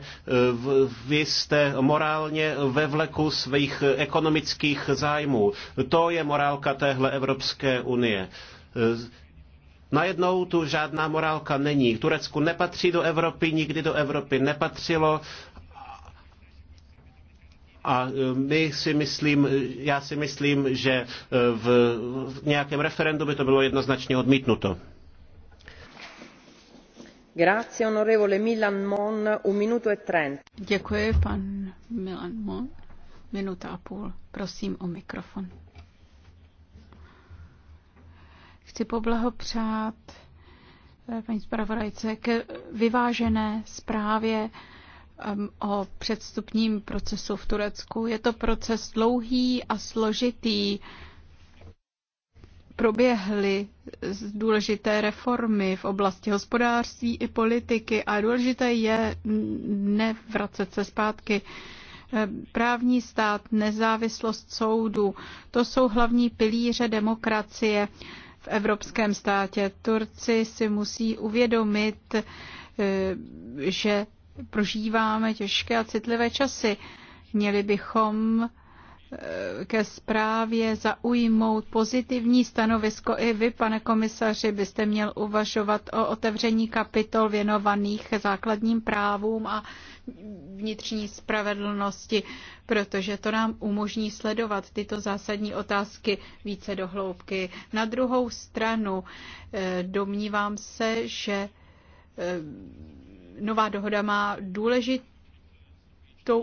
vy jste morálně ve vleku svých ekonomických zájmů. To je morálka téhle Evropské unie. E, najednou tu žádná morálka není. Turecku nepatří do Evropy, nikdy do Evropy nepatřilo a e, my si myslím, já si myslím, že e, v nějakém referendu by to bylo jednoznačně odmítnuto. Grazie, onorevole Milan Mon, un minuto e trent. Děkuji, pan Milan Mon. Minuta a půl. Prosím o mikrofon. Chci poblahopřát e, paní zpravodajce k vyvážené zprávě Um, o předstupním procesu v Turecku. Je to proces dlouhý a složitý. Proběhly důležité reformy v oblasti hospodářství i politiky a důležité je nevracet se zpátky um, právní stát, nezávislost soudu. To jsou hlavní pilíře demokracie v evropském státě. Turci si musí uvědomit, uh, že prožíváme těžké a citlivé časy. Měli bychom eh, ke zprávě zaujmout pozitivní stanovisko. I vy, pane komisaři, byste měl uvažovat o otevření kapitol věnovaných základním právům a vnitřní spravedlnosti, protože to nám umožní sledovat tyto zásadní otázky více dohloubky. Na druhou stranu eh, domnívám se, že eh, nová dohoda má důležitou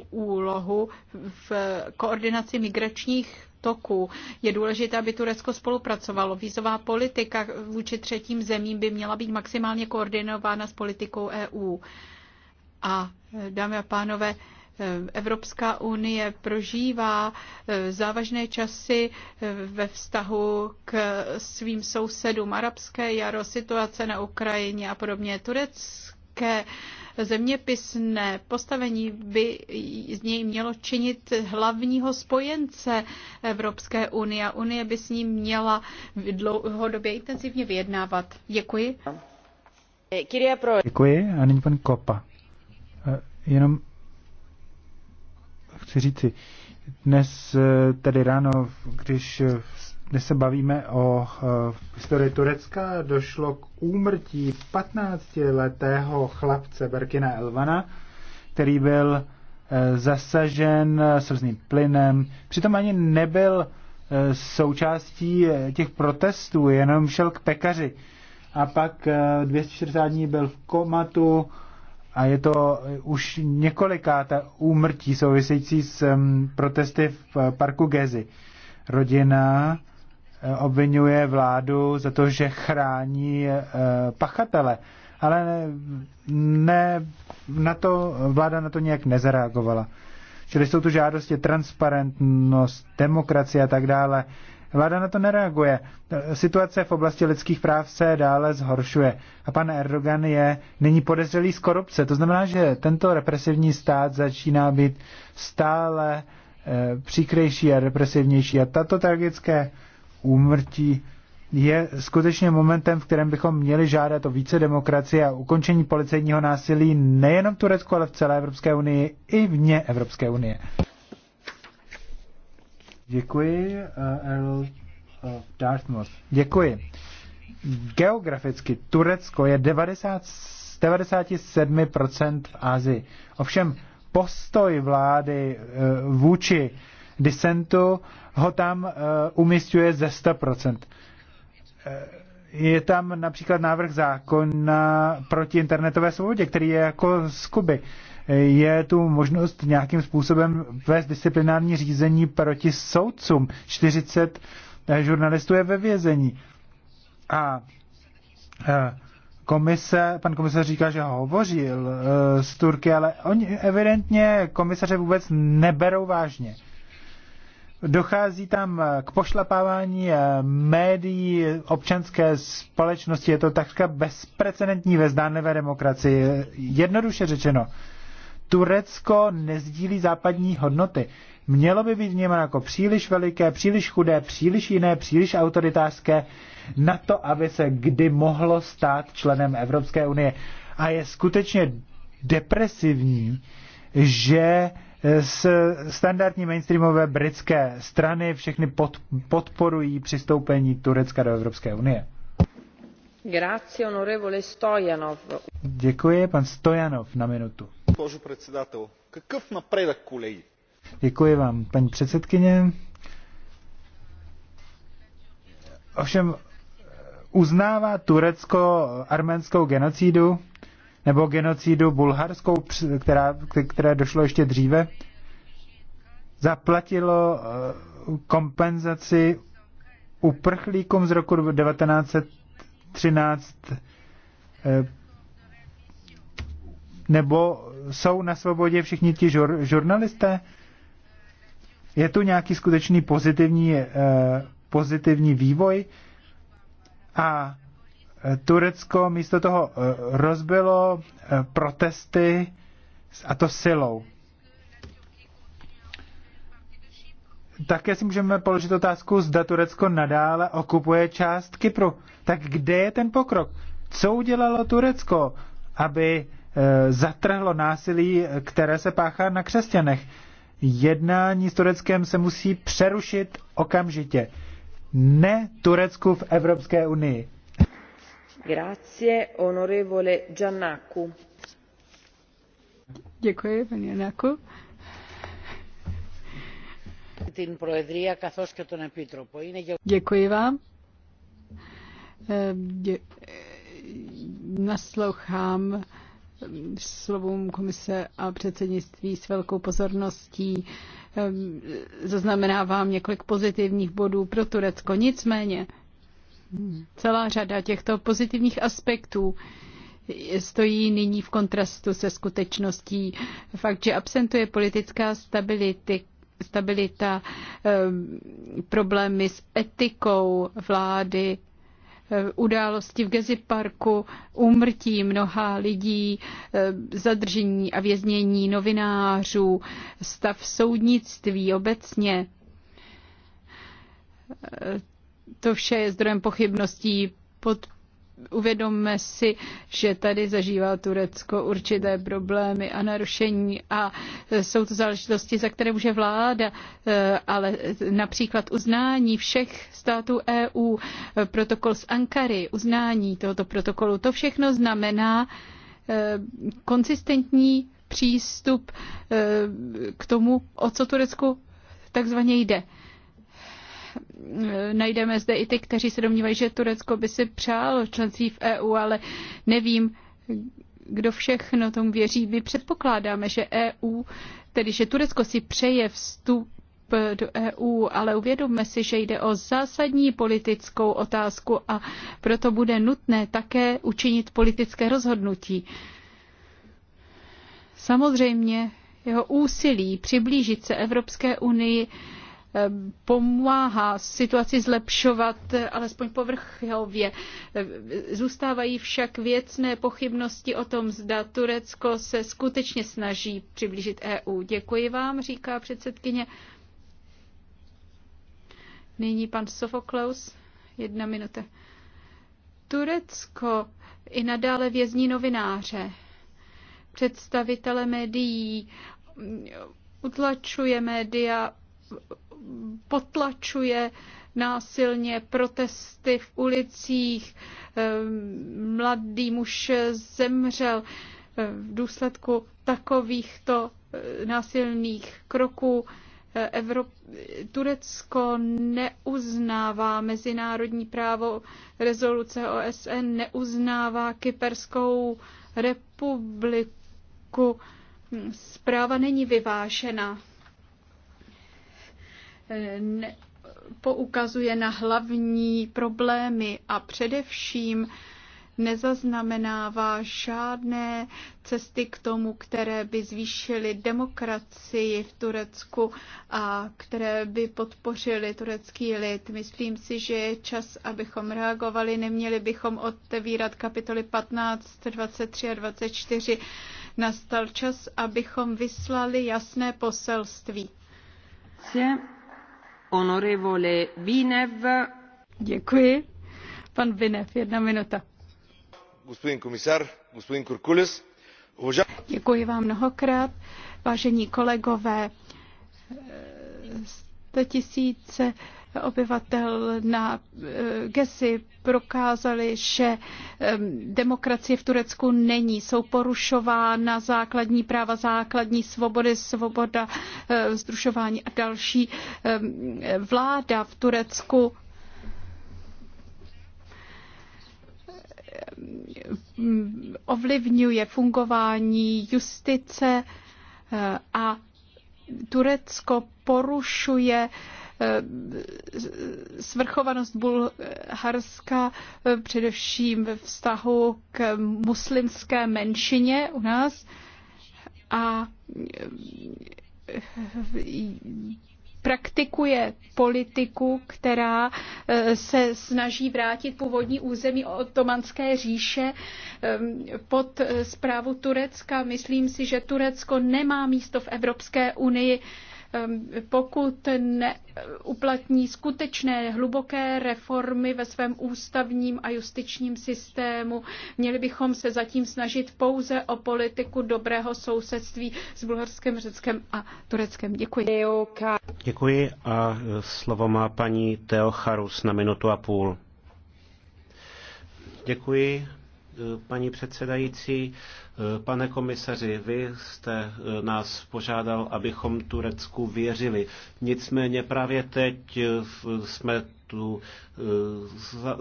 úlohu v koordinaci migračních toků. Je důležité, aby Turecko spolupracovalo. Vízová politika vůči třetím zemím by měla být maximálně koordinována s politikou EU. A dámy a pánové, Evropská unie prožívá eh, závažné časy eh, ve vztahu k svým sousedům. Arabské jaro, situace na Ukrajině a podobně. Turecko jaké zeměpisné postavení by z něj mělo činit hlavního spojence Evropské unie a Unie by s ním měla dlouhodobě intenzivně vyjednávat. Děkuji. Děkuji a nyní pan Kopa. E, jenom chci říci, dnes e, tedy ráno, když dnes se bavíme o eh, historii Turecka. Došlo k úmrtí 15-letého chlapce Berkina Elvana, který byl eh, zasažen slzným plynem. Přitom ani nebyl eh, součástí těch protestů, jenom šel k pekaři. A pak 240 dní byl v komatu a je to už několikáta úmrtí související s mm, protesty v parku Gezi. Rodina obvinuje vládu za to, že chrání eh, pachatele. Ale ne, na to, vláda na to nějak nezareagovala. Čili jsou tu žádosti transparentnost, demokracie a tak dále. Vláda na to nereaguje. Situace v oblasti lidských práv se dále zhoršuje. A pan Erdogan je nyní podezřelý z korupce. To znamená, že tento represivní stát začíná být stále eh, příkrejší a represivnější. A tato tragické úmrtí je skutečně momentem, v kterém bychom měli žádat o více demokracie a ukončení policejního násilí nejenom v Turecku, ale v celé Evropské unii i vně Evropské unie. Děkuji, uh, Earl of Dartmouth. Děkuji. Geograficky Turecko je 90, 97% v Asii. Ovšem postoj vlády uh, vůči uh, disentu ho tam eh, umistuje ze 100%. Eh, je tam například návrh zákona proti internetové svobodě, který je jako z Kuby. Je tu možnost nějakým způsobem vést disciplinární řízení proti soudcům. 40 eh, žurnalistů je ve vězení. A komise, pan komisař říká, že hovořil s Turky, ale oni evidentně komisaře vůbec neberou vážně. Dochází tam eh, k pošlapávání eh, médií občanské společnosti. Je to takřka bezprecedentní ve zdánlivé demokracii. Jednoduše řečeno, Turecko nezdílí západní hodnoty. Mělo by být vnímáno jako příliš veliké, příliš chudé, příliš jiné, příliš autoritářské na to, aby se kdy mohlo stát členem Evropské unie. A je skutečně depresivní, že z standardní mainstreamové britské strany všechny pod, podporují přistoupení Turecka do Evropské unie. Grazie, onorevole Stojanov. Děkuji, pan Stojanov, na minutu. předsedatel, Děkuji vám, paní předsedkyně. Ovšem, uznává Turecko arménskou genocidu? nebo genocidu bulharskou, která, které došlo ještě dříve, zaplatilo eh, kompenzaci uprchlíkům z roku 1913 eh, nebo jsou na svobodě všichni ti žur, žurnalisté? Je tu nějaký skutečný pozitivní, eh, pozitivní vývoj? A Turecko místo toho eh, rozbilo eh, protesty a to silou. Také si můžeme položit otázku, zda Turecko nadále okupuje část Kypru. Tak kde je ten pokrok? Co udělalo Turecko, aby eh, zatrhlo násilí, které se páchá na křesťanech? Jednání s Tureckem se musí přerušit okamžitě. Ne Turecku v Evropské unii. Děkuji, vám. Naslouchám hm, slovům komise a předsednictví s velkou pozorností. Zaznamenávám několik pozitivních bodů pro Turecko. Nicméně Celá řada těchto pozitivních aspektů stojí nyní v kontrastu se skutečností. Fakt, že absentuje politická stability, stabilita, ehm, problémy s etikou vlády, ehm, události v Gezi parku, úmrtí mnoha lidí, ehm, zadržení a věznění novinářů, stav soudnictví obecně to vše je zdrojem pochybností. Pod, uvědomme si, že tady zažívá Turecko určité problémy a narušení a jsou to záležitosti, za které může vláda, eh, ale například uznání všech států EU, eh, protokol z Ankary, uznání tohoto protokolu, to všechno znamená eh, konsistentní přístup k tomu, o co Turecku takzvaně jde. Najdeme zde i ty, kteří se domnívají, že Turecko by si přálo členství v EU, ale nevím, kdo všechno tomu věří. My předpokládáme, že EU, tedy že Turecko si přeje vstup do EU, ale uvědomme si, že jde o zásadní politickou otázku a proto bude nutné také učinit politické rozhodnutí. Samozřejmě jeho úsilí přiblížit se Evropské unii Eh, pomáhá situaci zlepšovat eh, alespoň povrchově. Eh, zůstávají však věcné pochybnosti o tom, zda Turecko se skutečně snaží přiblížit EU. Děkuji vám, říká předsedkyně. Nyní pan Sofokleus, jedna minuta. Turecko i nadále vězní novináře, představitele médií, utlačuje média, potlačuje násilně protesty v ulicích. Ehm, mladý muž zemřel ehm, v důsledku takovýchto ehm, násilných kroků. Evrop... Turecko neuznává mezinárodní právo rezoluce OSN, neuznává Kyperskou republiku. Zpráva není vyvážená poukazuje na hlavní problémy a především nezaznamenává žádné cesty k tomu, které by zvýšily demokracii v Turecku a které by podpořily turecký lid. Myslím si, že je čas, abychom reagovali. Neměli bychom otevírat kapitoly 15, 23 a 24. Nastal čas, abychom vyslali jasné poselství. Děkujeme. Honorevole Vinev. Děkuji. Pan Vinev, jedna Děkuji vám mnohokrát, vážení kolegové. 100 tisíce obyvatel na eh, Gesi prokázali, že eh, demokracie v Turecku není. Jsou porušována základní práva, základní svobody, svoboda eh, združování a další. Vláda v Turecku ovlivňuje fungování justice a Turecko porušuje uh, svrchovanost Bulharska především ve vztahu k muslimské menšině u nás a eh, praktikuje politiku, která eh, se snaží vrátit původní území otomanské říše eh, pod zprávu Turecka. Myslím si, že Turecko nemá místo v Evropské unii pokud neuplatní skutečné hluboké reformy ve svém ústavním a justičním systému. Měli bychom se zatím snažit pouze o politiku dobrého sousedství s Bulharskem, Řeckem a Tureckem. Děkuji. Děkuji a e, slovo má paní Charus na minutu a půl. Děkuji paní předsedající. Pane komisaři, vy jste eh, nás požádal, abychom Turecku věřili. Nicméně právě teď eh, jsme tu eh,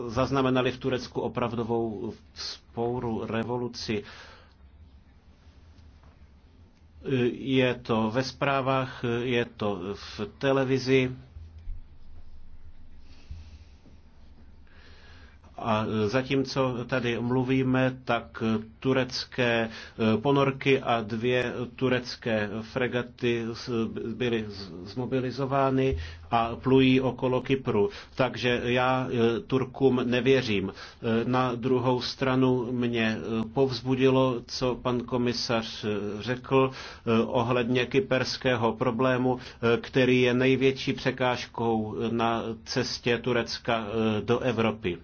zaznamenali v Turecku opravdovou spouru, revoluci. Je to ve zprávách, je to v televizi. A zatímco tady mluvíme, tak turecké eh, ponorky a dvě turecké fregaty byly zmobilizovány a plují okolo Kypru. Takže já eh, Turkům nevěřím. Eh, na druhou stranu mě povzbudilo, co pan komisař řekl ohledně kyperského problému, který je největší překážkou na cestě Turecka do Evropy.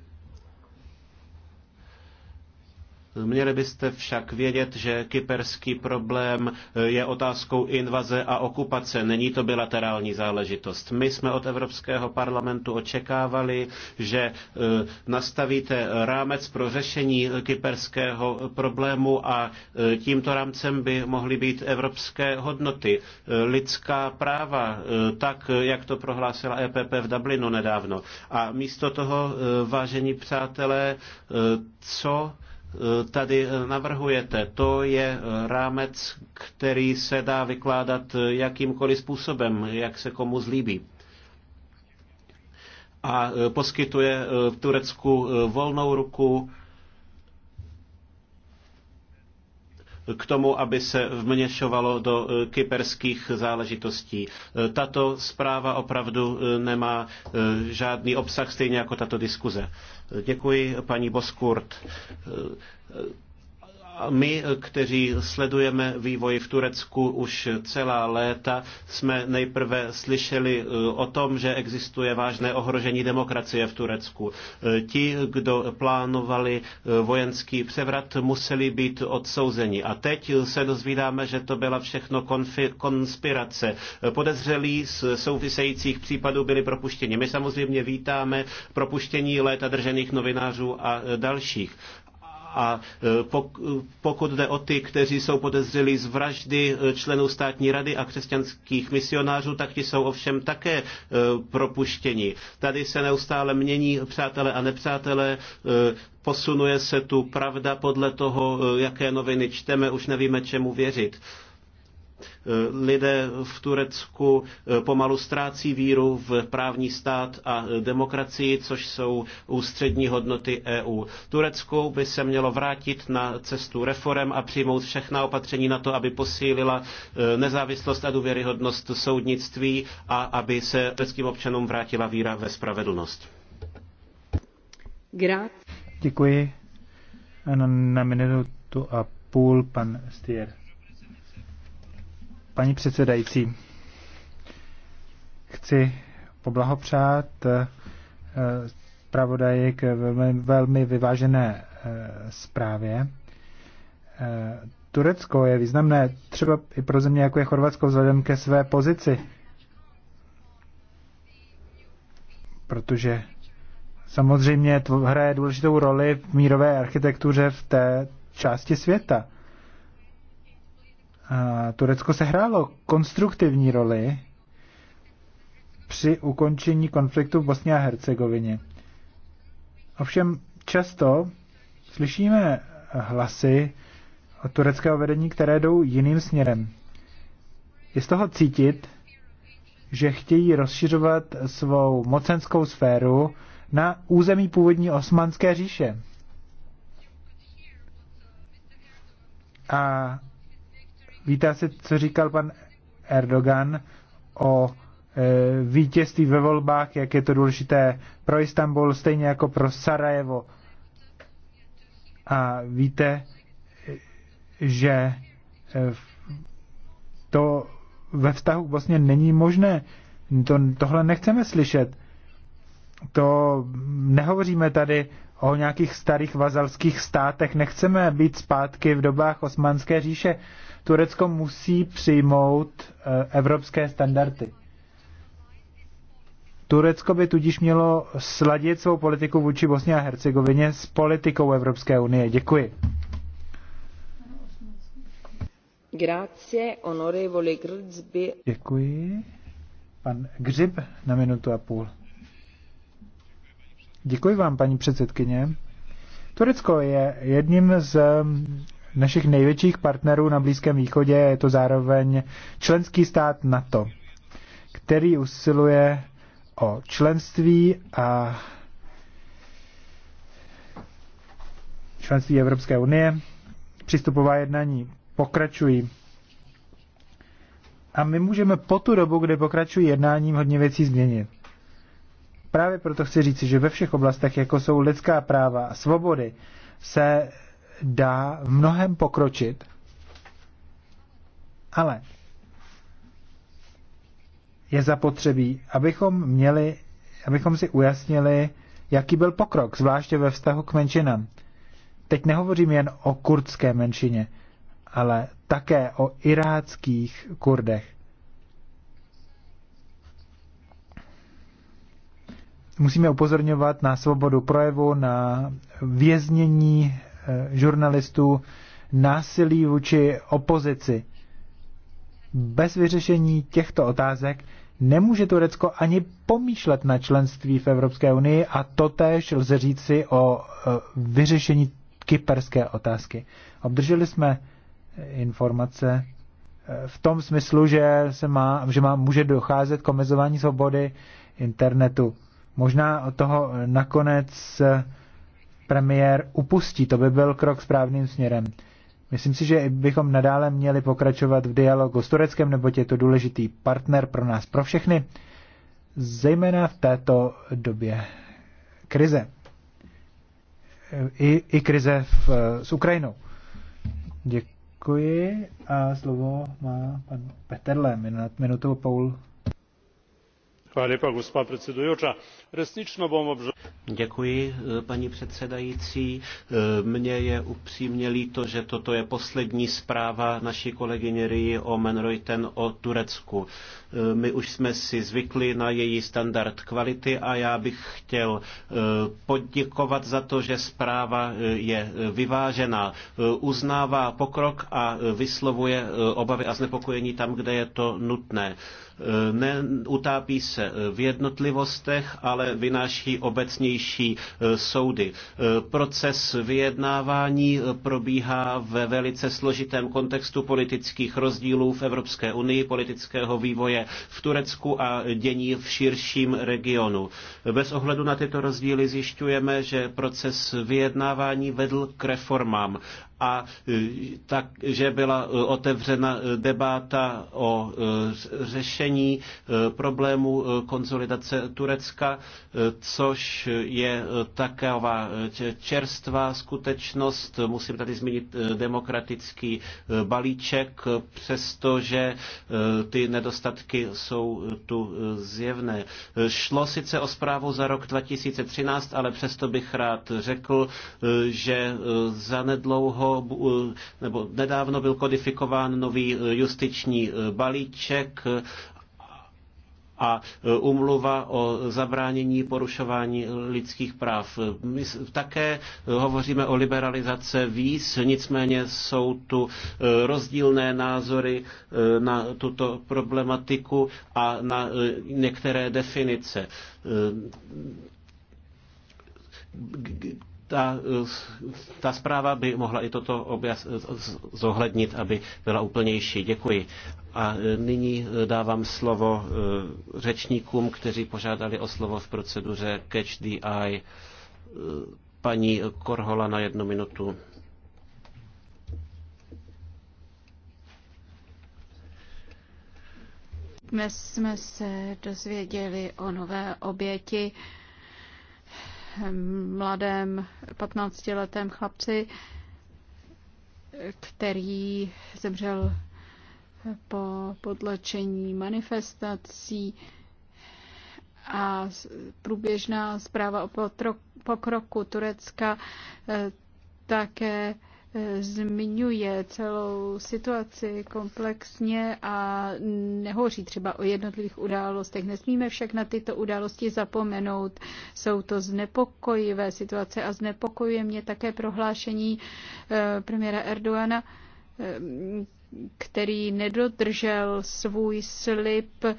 Měli byste však vědět, že kyperský problém eh, je otázkou invaze a okupace. Není to bilaterální záležitost. My jsme od Evropského parlamentu očekávali, že eh, nastavíte rámec pro řešení kyperského problému a eh, tímto rámcem by mohly být evropské hodnoty, lidská práva, tak, jak to prohlásila EPP v Dublinu nedávno. A místo toho, vážení přátelé, co tady navrhujete, to je rámec, který se dá vykládat jakýmkoliv způsobem, jak se komu zlíbí. A e, poskytuje e, Turecku e, volnou ruku k tomu, aby se vměšovalo do kyperských záležitostí. Tato zpráva opravdu nemá žádný obsah, stejně jako tato diskuze. Děkuji, paní Boskurt. My, kteří sledujeme vývoj v Turecku už celá léta, jsme nejprve slyšeli eh, o tom, že existuje vážné ohrožení demokracie v Turecku. Eh, ti, kdo plánovali eh, vojenský převrat, museli být odsouzeni. A teď se dozvídáme, že to byla všechno konfi- konspirace. Podezřelí z souvisejících případů byli propuštěni. My samozřejmě vítáme propuštění léta držených novinářů a dalších. A e, pokud jde o ty, kteří jsou podezřelí z vraždy e, členů státní rady a křesťanských misionářů, tak ti jsou ovšem také e, propuštěni. Tady se neustále mění přátelé a nepřátelé, posunuje se tu pravda podle toho, jaké noviny čteme, už nevíme, čemu věřit. Eh, lidé v Turecku eh, pomalu ztrácí víru v právní stát a eh, demokracii, což jsou ústřední hodnoty EU. Turecku by se mělo vrátit na cestu reform a přijmout všechna opatření na to, aby posílila nezávislost a důvěryhodnost soudnictví a aby se tureckým občanům vrátila víra ve spravedlnost. Grát. Děkuji. Na, na minutu a půl pan Stier. Paní předsedající, chci poblahopřát eh, zpravodaji k velmi, velmi vyvážené eh, zprávě. Eh, Turecko je významné třeba i pro země, jako je Chorvatsko, vzhledem ke své pozici, protože samozřejmě hraje důležitou roli v mírové architektuře v té části světa. Turecko Turecko sehrálo konstruktivní roli při ukončení konfliktu v Bosně a Hercegovině. Ovšem často slyšíme hlasy od tureckého vedení, které jdou jiným směrem. Je z toho cítit, že chtějí rozšiřovat svou mocenskou sféru na území původní osmanské říše. A Víte asi, co říkal pan Erdogan o e, vítězství ve volbách, jak je to důležité pro Istanbul, stejně jako pro Sarajevo. A víte, že e, to ve vztahu vlastně není možné. To, tohle nechceme slyšet. To nehovoříme tady o nějakých starých vazalských státech. Nechceme být zpátky v dobách Osmanské říše. Turecko musí přijmout eh, evropské standardy. Turecko by tudíž mělo sladit svou politiku vůči Bosně a Hercegovině s politikou Evropské unie. Děkuji. Děkuji. Pan Gřib na minutu a půl. Děkuji vám, paní předsedkyně. Turecko je jedním z našich největších partnerů na Blízkém východě je to zároveň členský stát NATO, který usiluje o členství a členství Evropské unie. Přistupová jednání pokračují. A my můžeme po tu dobu, kdy pokračují jednáním, hodně věcí změnit. Právě proto chci říci, že ve všech oblastech, jako jsou lidská práva a svobody, se dá v mnohem pokročit, ale je zapotřebí, abychom měli, abychom si ujasnili, jaký byl pokrok, zvláště ve vztahu k menšinám. Teď nehovořím jen o kurdské menšině, ale také o iráckých kurdech. Musíme upozorňovat na svobodu projevu, na věznění Eh, žurnalistů, násilí vůči opozici. Bez vyřešení těchto otázek nemůže Turecko ani pomýšlet na členství v Evropské unii a totéž lze říci o eh, vyřešení kyperské otázky. Obdrželi jsme eh, informace v tom smyslu, že, se má, že má, může docházet k omezování svobody internetu. Možná od toho nakonec premiér upustí. To by byl krok správným směrem. Myslím si, že bychom nadále měli pokračovat v dialogu s Tureckem, neboť je to důležitý partner pro nás, pro všechny, zejména v této době krize. I, i krize v, s Ukrajinou. Děkuji a slovo má pan Peterle, minutu a půl. Hvala lepa, gospa predsedujoča. Resnično bom obžaloval Děkuji, eh, paní předsedající. Eh, mně je upřímně líto, že toto je poslední zpráva naší kolegyně Rii Menrojten o Turecku. Eh, my už jsme si zvykli na její standard kvality a já bych chtěl poděkovat za to, že zpráva je vyvážená. Uznává pokrok a vyslovuje obavy a znepokojení tam, kde je to nutné neutápí se v jednotlivostech, ale vynáší obecnější e, soudy. E, proces vyjednávání e, probíhá ve velice složitém kontextu politických rozdílů v Evropské unii, politického vývoje v Turecku a dění v širším regionu. Bez ohledu na tyto rozdíly zjišťujeme, že proces vyjednávání vedl k reformám a e, tak, že byla e, otevřena e, debáta o řešení problému konsolidace Turecka, což je taková čerstvá skutečnost. Musím tady zmínit demokratický balíček, přestože ty nedostatky jsou tu zjevné. Šlo sice o zprávu za rok 2013, ale přesto bych rád řekl, že zanedlouho nebo nedávno byl kodifikován nový e, justiční e, balíček a e, umluva o zabránění porušování lidských práv. My také hovoříme o liberalizace víc, nicméně jsou tu rozdílné názory na tuto problematiku a na některé definice ta, ta zpráva by mohla i toto objas, zohlednit, aby byla úplnější. Děkuji. A nyní dávám slovo eh, řečníkům, kteří požádali o slovo v proceduře Catch the Eye. Eh, paní Korhola na jednu minutu. Dnes jsme se dozvěděli o nové oběti mladém 15-letém chlapci, který zemřel po podlečení manifestací a průběžná zpráva o pokroku Turecka eh, také zmiňuje celou situaci komplexně a nehoří třeba o jednotlivých událostech. Nesmíme však na tyto události zapomenout. Jsou to znepokojivé situace a znepokojuje mě také prohlášení eh, premiéra Erdoana, eh, který nedodržel svůj slib eh,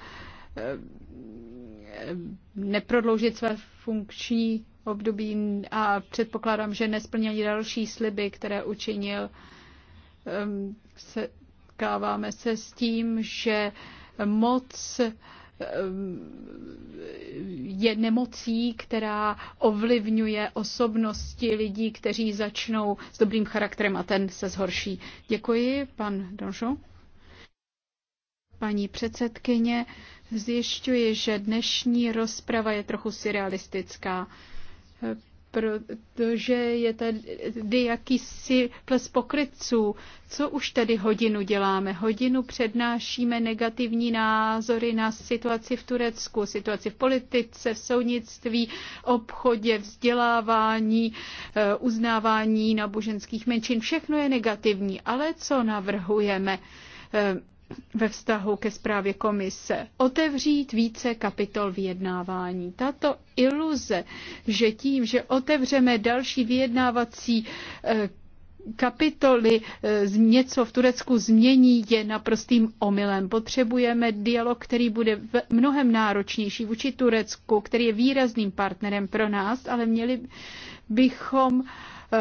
neprodloužit své funkční období a předpokládám, že nesplnil další sliby, které učinil. Ehm, setkáváme se s tím, že moc ehm, je nemocí, která ovlivňuje osobnosti lidí, kteří začnou s dobrým charakterem a ten se zhorší. Děkuji, pan Donžo. Paní předsedkyně, zjišťuji, že dnešní rozprava je trochu surrealistická protože je tady jakýsi ples pokrytců. Co už tady hodinu děláme? Hodinu přednášíme negativní názory na situaci v Turecku, situaci v politice, v soudnictví, obchodě, vzdělávání, eh, uznávání boženských menšin. Všechno je negativní. Ale co navrhujeme? Eh, ve vztahu ke zprávě komise. Otevřít více kapitol vyjednávání. Tato iluze, že tím, že otevřeme další vyjednávací eh, kapitoly eh, něco v Turecku změní, je naprostým omylem. Potřebujeme dialog, který bude mnohem náročnější vůči Turecku, který je výrazným partnerem pro nás, ale měli bychom eh,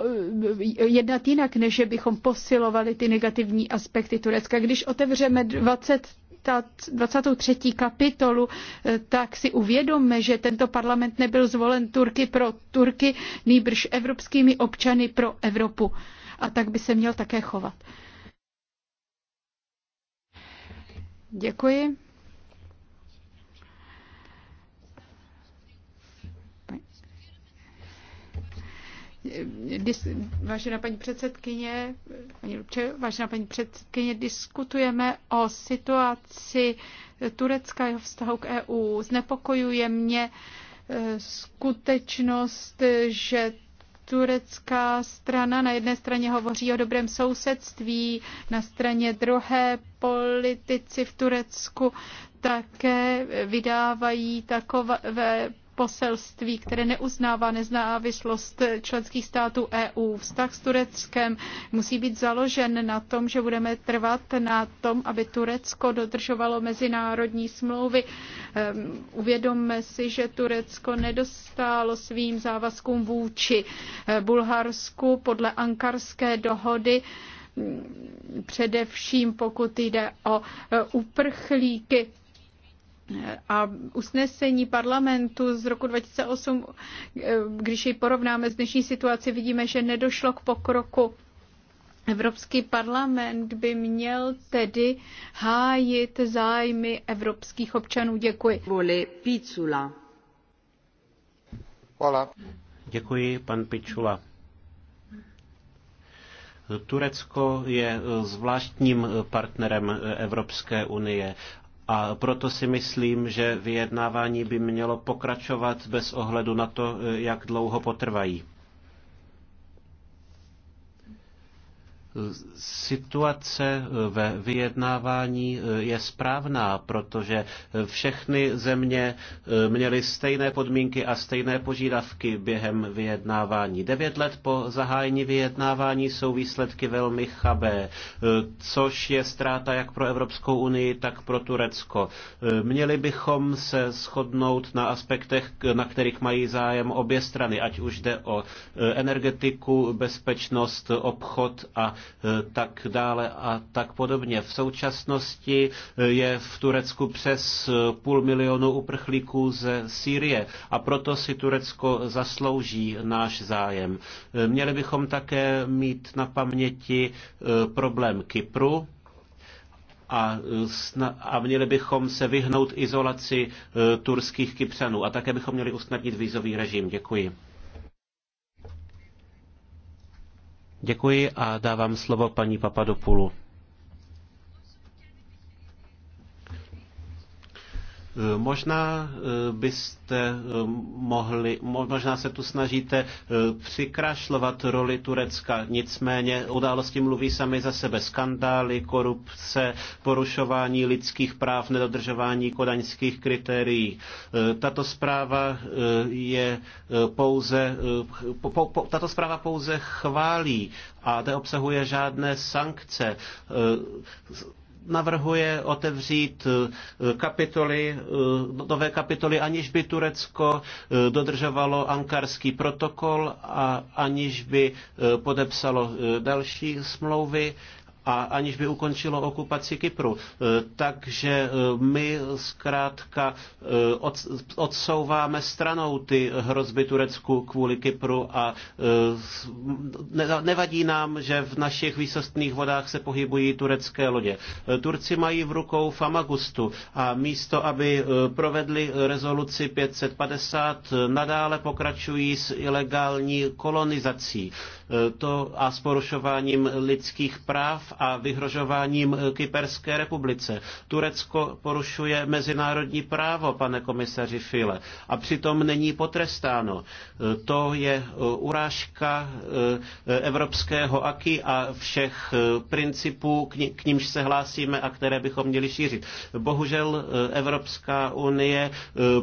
Eh, jednat jinak, než že bychom posilovali ty negativní aspekty Turecka. Když otevřeme 20 ta 23. kapitolu, eh, tak si uvědomme, že tento parlament nebyl zvolen Turky pro Turky, nýbrž evropskými občany pro Evropu. A tak by se měl také chovat. Děkuji. dis, vážená paní předsedkyně, paní Lubče, vážená paní předsedkyně, diskutujeme o situaci Turecka, jeho vztahu k EU. Znepokojuje mě eh, skutečnost, že turecká strana na jedné straně hovoří o dobrém sousedství, na straně druhé politici v Turecku také vydávají takové poselství, které neuznává nezávislost členských států EU. Vztah s Tureckem musí být založen na tom, že budeme trvat na tom, aby Turecko dodržovalo mezinárodní smlouvy. Ehm, uvědomme si, že Turecko nedostálo svým závazkům vůči eh, Bulharsku podle ankarské dohody mm, především pokud jde o eh, uprchlíky a usnesení parlamentu z roku 2008, když ji porovnáme s dnešní situací, vidíme, že nedošlo k pokroku. Evropský parlament by měl tedy hájit zájmy evropských občanů. Děkuji. Picula. Hola. Děkuji, pan Pičula. Turecko je zvláštním partnerem Evropské unie a proto si myslím, že vyjednávání by mělo pokračovat bez ohledu na to, jak dlouho potrvají. Situace eh, ve vyjednávání eh, je správná, protože eh, všechny země měly stejné podmínky a stejné požídavky během vyjednávání. Devět let po zahájení vyjednávání jsou výsledky velmi chabé, což je ztráta jak pro Evropskou unii, tak pro Turecko. Měli bychom se shodnout na aspektech, na kterých mají zájem obě strany, ať už jde o energetiku, bezpečnost, obchod a Eh, tak dále a tak podobně. V současnosti eh, je v Turecku přes eh, půl milionu uprchlíků ze Sýrie a proto si Turecko zaslouží náš zájem. Měli bychom také mít na paměti problém Kypru, a, a měli bychom se vyhnout izolaci turských Kypřanů a také bychom měli usnadnit vízový režim. Děkuji. Děkuji a dávám slovo paní Papadopoulou. Eh, možná eh, byste eh, mohli, možná se tu snažíte přikrašlovat roli Turecka, nicméně události mluví sami za sebe. Skandály, korupce, porušování lidských práv, nedodržování kodaňských kritérií. Tato zpráva je pouze, po, po, tato zpráva pouze chválí a neobsahuje žádné sankce navrhuje otevřít eh, kapitoly, eh, nové kapitoly, aniž by Turecko eh, dodržovalo ankarský protokol a aniž by podepsalo další smlouvy a aniž by ukončilo okupaci Kypru. E, takže e, my zkrátka e, odsouváme stranou ty hrozby Turecku kvůli Kypru a nevadí nám, že v našich výsostných vodách se pohybují turecké lodě. Turci mají v rukou Famagustu a místo, aby provedli rezoluci 550, nadále pokračují s ilegální kolonizací to a s porušováním lidských práv a vyhrožováním Kyperské republice. Turecko porušuje mezinárodní právo, pane komisaři File, a přitom není potrestáno. To je urážka eh, evropského aky a všech eh, principů, k nímž se hlásíme a které bychom měli šířit. Bohužel eh, Evropská unie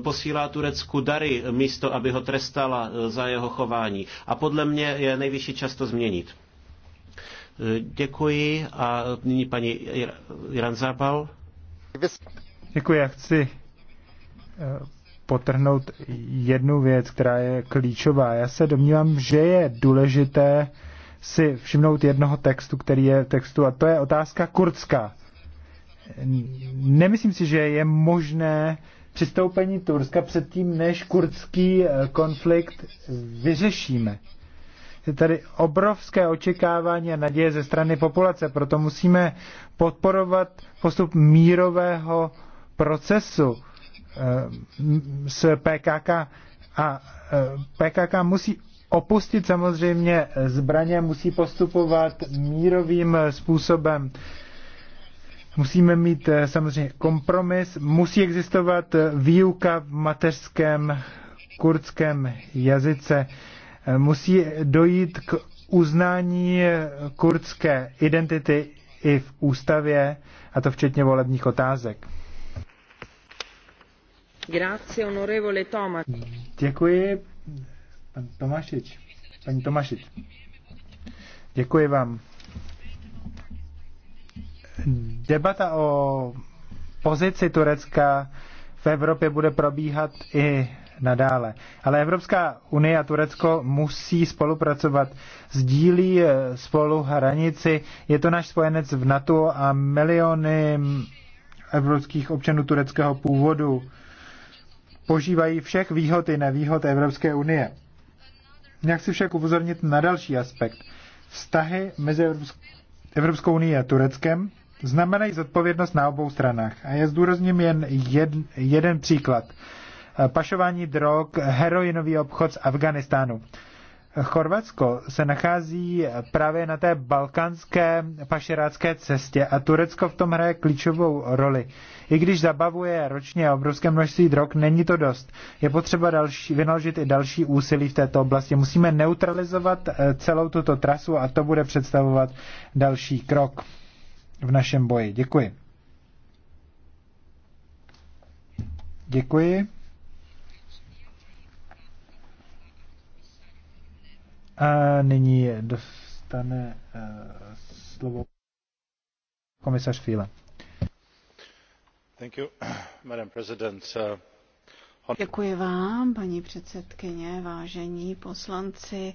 posílá Turecku dary místo, aby ho trestala za jeho chování. A podle mě je nejvyšší čas to změnit. Děkuji a nyní paní Iran Zabal. Děkuji, já chci eh, potrhnout jednu věc, která je klíčová. Já se domnívám, že je důležité si všimnout jednoho textu, který je textu, a to je otázka kurdská. Nemyslím si, že je možné přistoupení Turska předtím, než kurdský eh, konflikt vyřešíme je tady obrovské očekávání a naděje ze strany populace, proto musíme podporovat postup mírového procesu eh, s PKK a eh, PKK musí opustit samozřejmě zbraně, musí postupovat mírovým eh, způsobem. Musíme mít samozřejmě kompromis, musí existovat výuka v mateřském kurdském jazyce musí dojít k uznání kurdské identity i v ústavě, a to včetně volebních otázek. Děkuji, pan Tomašič. Paní Tomašič. Děkuji vám. Debata o pozici Turecka v Evropě bude probíhat i nadále. Ale Evropská unie a Turecko musí spolupracovat, sdílí eh, spolu hranici, je to náš spojenec v NATO a miliony evropských občanů tureckého původu požívají všech výhod i nevýhod Evropské unie. Jak si však upozornit na další aspekt. Vztahy mezi Evropskou unii a Tureckem znamenají zodpovědnost na obou stranách. A já zdůrazním jen jed, jeden příklad pašování drog, heroinový obchod z Afganistánu. Chorvatsko se nachází právě na té balkánské pašerácké cestě a Turecko v tom hraje klíčovou roli. I když zabavuje ročně obrovské množství drog, není to dost. Je potřeba další, vynaložit i další úsilí v této oblasti. Musíme neutralizovat eh, celou tuto trasu a to bude představovat další krok v našem boji. Děkuji. Děkuji. A nyní dostane eh, slovo komisař Fíle. Thank you, Madam President. Děkuji vám, paní předsedkyně, vážení poslanci,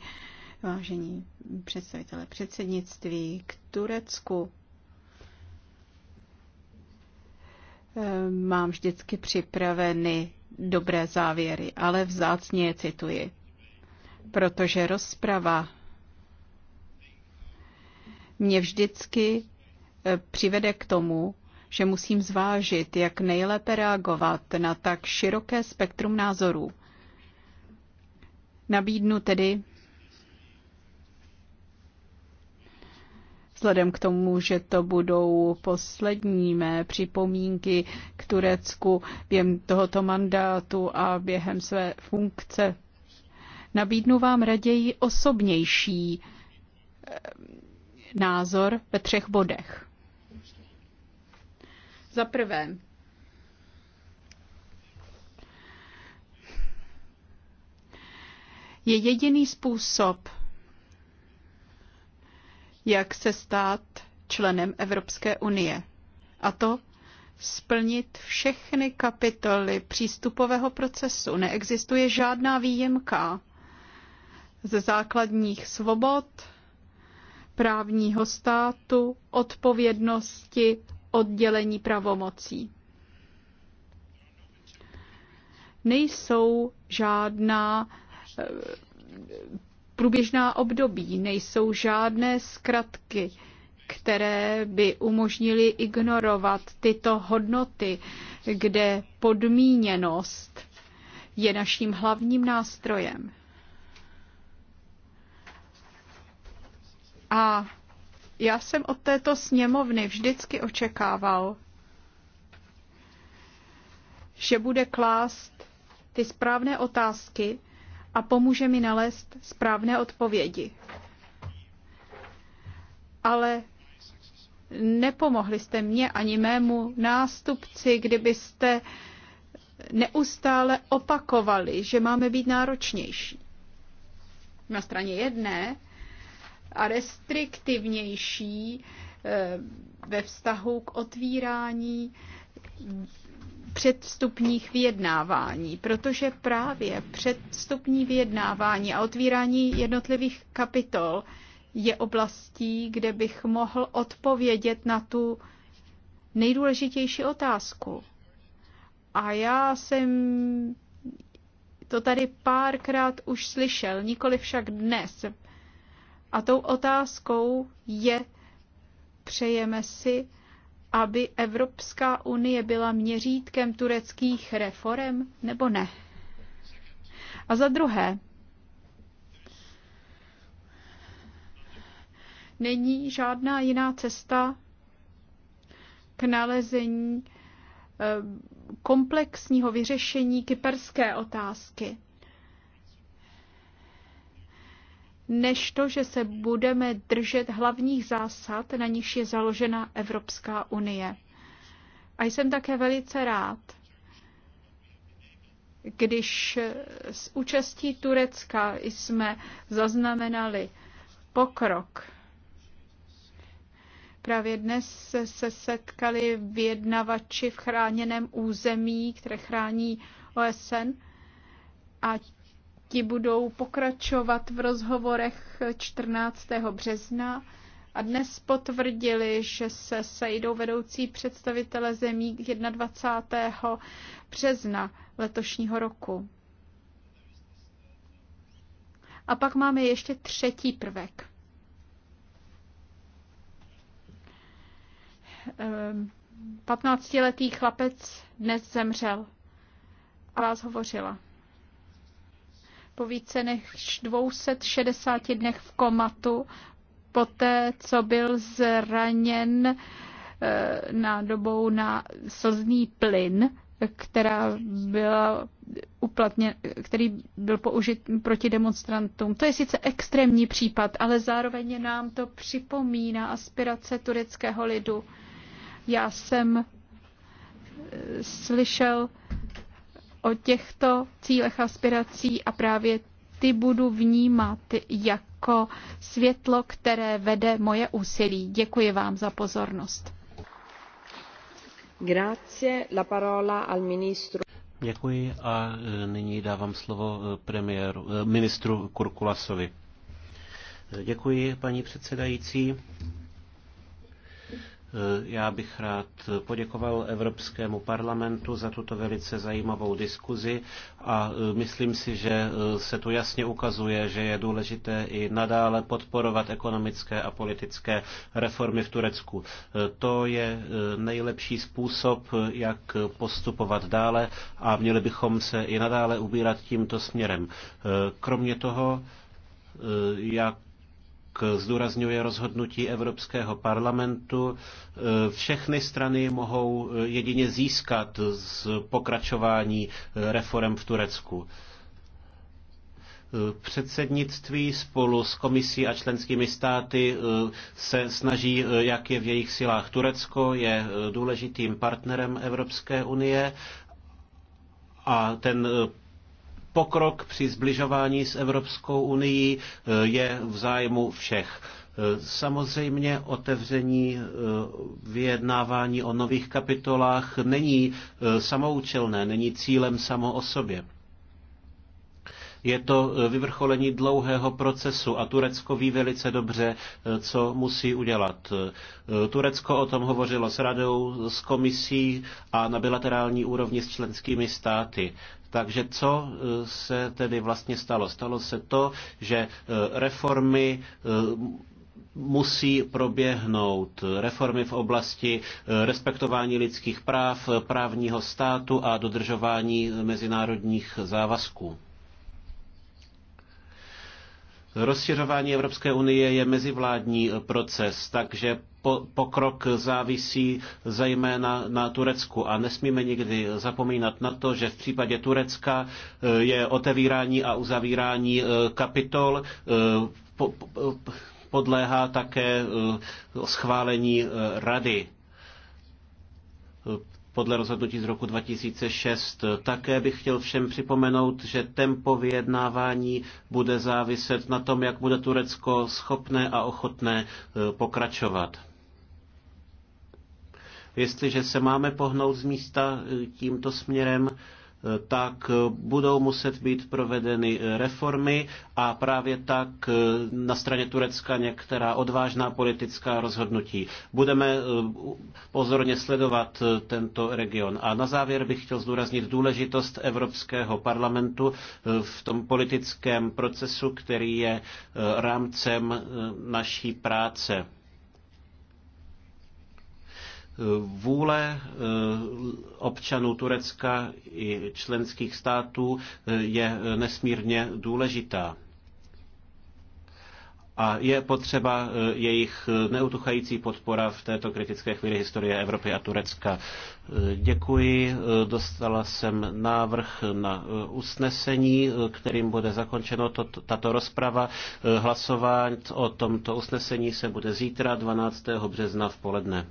vážení představitelé předsednictví k Turecku. Ehm, mám vždycky připraveny dobré závěry, ale vzácně je cituji protože rozprava mě vždycky eh, přivede k tomu, že musím zvážit, jak nejlépe reagovat na tak široké spektrum názorů. Nabídnu tedy, vzhledem k tomu, že to budou poslední mé připomínky k Turecku během tohoto mandátu a během své funkce Nabídnu vám raději osobnější eh, názor ve třech bodech. Za prvé, je jediný způsob, jak se stát členem Evropské unie. A to splnit všechny kapitoly přístupového procesu. Neexistuje žádná výjimka ze základních svobod, právního státu, odpovědnosti, oddělení pravomocí. Nejsou žádná eh, průběžná období, nejsou žádné zkratky, které by umožnily ignorovat tyto hodnoty, kde podmíněnost je naším hlavním nástrojem. A já jsem od této sněmovny vždycky očekával, že bude klást ty správné otázky a pomůže mi nalézt správné odpovědi. Ale nepomohli jste mě ani mému nástupci, kdybyste neustále opakovali, že máme být náročnější. Na straně jedné a restriktivnější eh, ve vztahu k otvírání předstupních vyjednávání, protože právě předstupní vyjednávání a otvírání jednotlivých kapitol je oblastí, kde bych mohl odpovědět na tu nejdůležitější otázku. A já jsem to tady párkrát už slyšel, nikoli však dnes, a tou otázkou je, přejeme si, aby Evropská unie byla měřítkem tureckých reform, nebo ne? A za druhé, není žádná jiná cesta k nalezení eh, komplexního vyřešení kyperské otázky. než to, že se budeme držet hlavních zásad, na nichž je založena Evropská unie. A jsem také velice rád, když s účastí Turecka jsme zaznamenali pokrok. Právě dnes se, setkali vyjednavači v chráněném území, které chrání OSN a Ti budou pokračovat v rozhovorech 14. března a dnes potvrdili, že se sejdou vedoucí představitele zemí 21. března letošního roku. A pak máme ještě třetí prvek. Ehm, patnáctiletý chlapec dnes zemřel. A vás hovořila po více než 260 dnech v komatu, poté co byl zraněn eh, nádobou na slzný plyn, která byla uplatně, který byl použit proti demonstrantům. To je sice extrémní případ, ale zároveň nám to připomíná aspirace tureckého lidu. Já jsem eh, slyšel o těchto cílech aspirací a právě ty budu vnímat jako světlo, které vede moje úsilí. Děkuji vám za pozornost. Grazie, la parola al ministro. Děkuji a e, nyní dávám slovo e, premiéru, e, ministru Kurkulasovi. Děkuji, paní předsedající. Eh, já bych rád poděkoval Evropskému parlamentu za tuto velice zajímavou diskuzi a eh, myslím si, že eh, se tu jasně ukazuje, že je důležité i nadále podporovat ekonomické a politické reformy v Turecku. To je nejlepší způsob, jak postupovat dále a měli bychom se i nadále ubírat tímto směrem. Kromě toho, jak zdůrazňuje rozhodnutí Evropského parlamentu. Eh, všechny strany mohou eh, jedině získat z pokračování eh, reform v Turecku předsednictví spolu s komisí a členskými státy se snaží, jak je v jejich silách. Turecko je důležitým partnerem Evropské unie a ten Pokrok při zbližování s Evropskou unii eh, je v zájmu všech. Eh, samozřejmě otevření eh, vyjednávání o nových kapitolách není samoučelné, není cílem samo o sobě. Je to vyvrcholení dlouhého procesu a Turecko ví velice dobře, co musí udělat. Turecko o tom hovořilo s radou, s komisí a na bilaterální úrovni s členskými státy. Takže co eh, se tedy vlastně stalo? Stalo se to, že eh, reformy eh, musí proběhnout reformy v oblasti respektování lidských práv, právního státu a dodržování mezinárodních závazků. Rozšiřování Evropské unie je mezivládní eh, proces, takže po, pokrok závisí zejména na Turecku a nesmíme nikdy zapomínat na to, že v případě Turecka eh, je otevírání a uzavírání eh, kapitol po, po, podléhá také schválení rady podle rozhodnutí z roku 2006. Také bych chtěl všem připomenout, že tempo vyjednávání bude záviset na tom, jak bude Turecko schopné a ochotné e, pokračovat. Jestliže se máme pohnout z místa e, tímto směrem, tak budou muset být provedeny reformy a právě tak na straně Turecka některá odvážná politická rozhodnutí. Budeme eh, pozorně sledovat eh, tento region. A na závěr bych chtěl zdůraznit důležitost Evropského parlamentu eh, v tom politickém procesu, který je rámcem naší práce. Vůle eh, občanů Turecka i členských států eh, je nesmírně důležitá a je potřeba eh, jejich neutuchající podpora v této kritické chvíli historie Evropy a Turecka. Děkuji, dostala jsem návrh na usnesení, kterým bude zakončeno to, tato rozprava. Hlasování o tomto usnesení se bude zítra 12. března v poledne.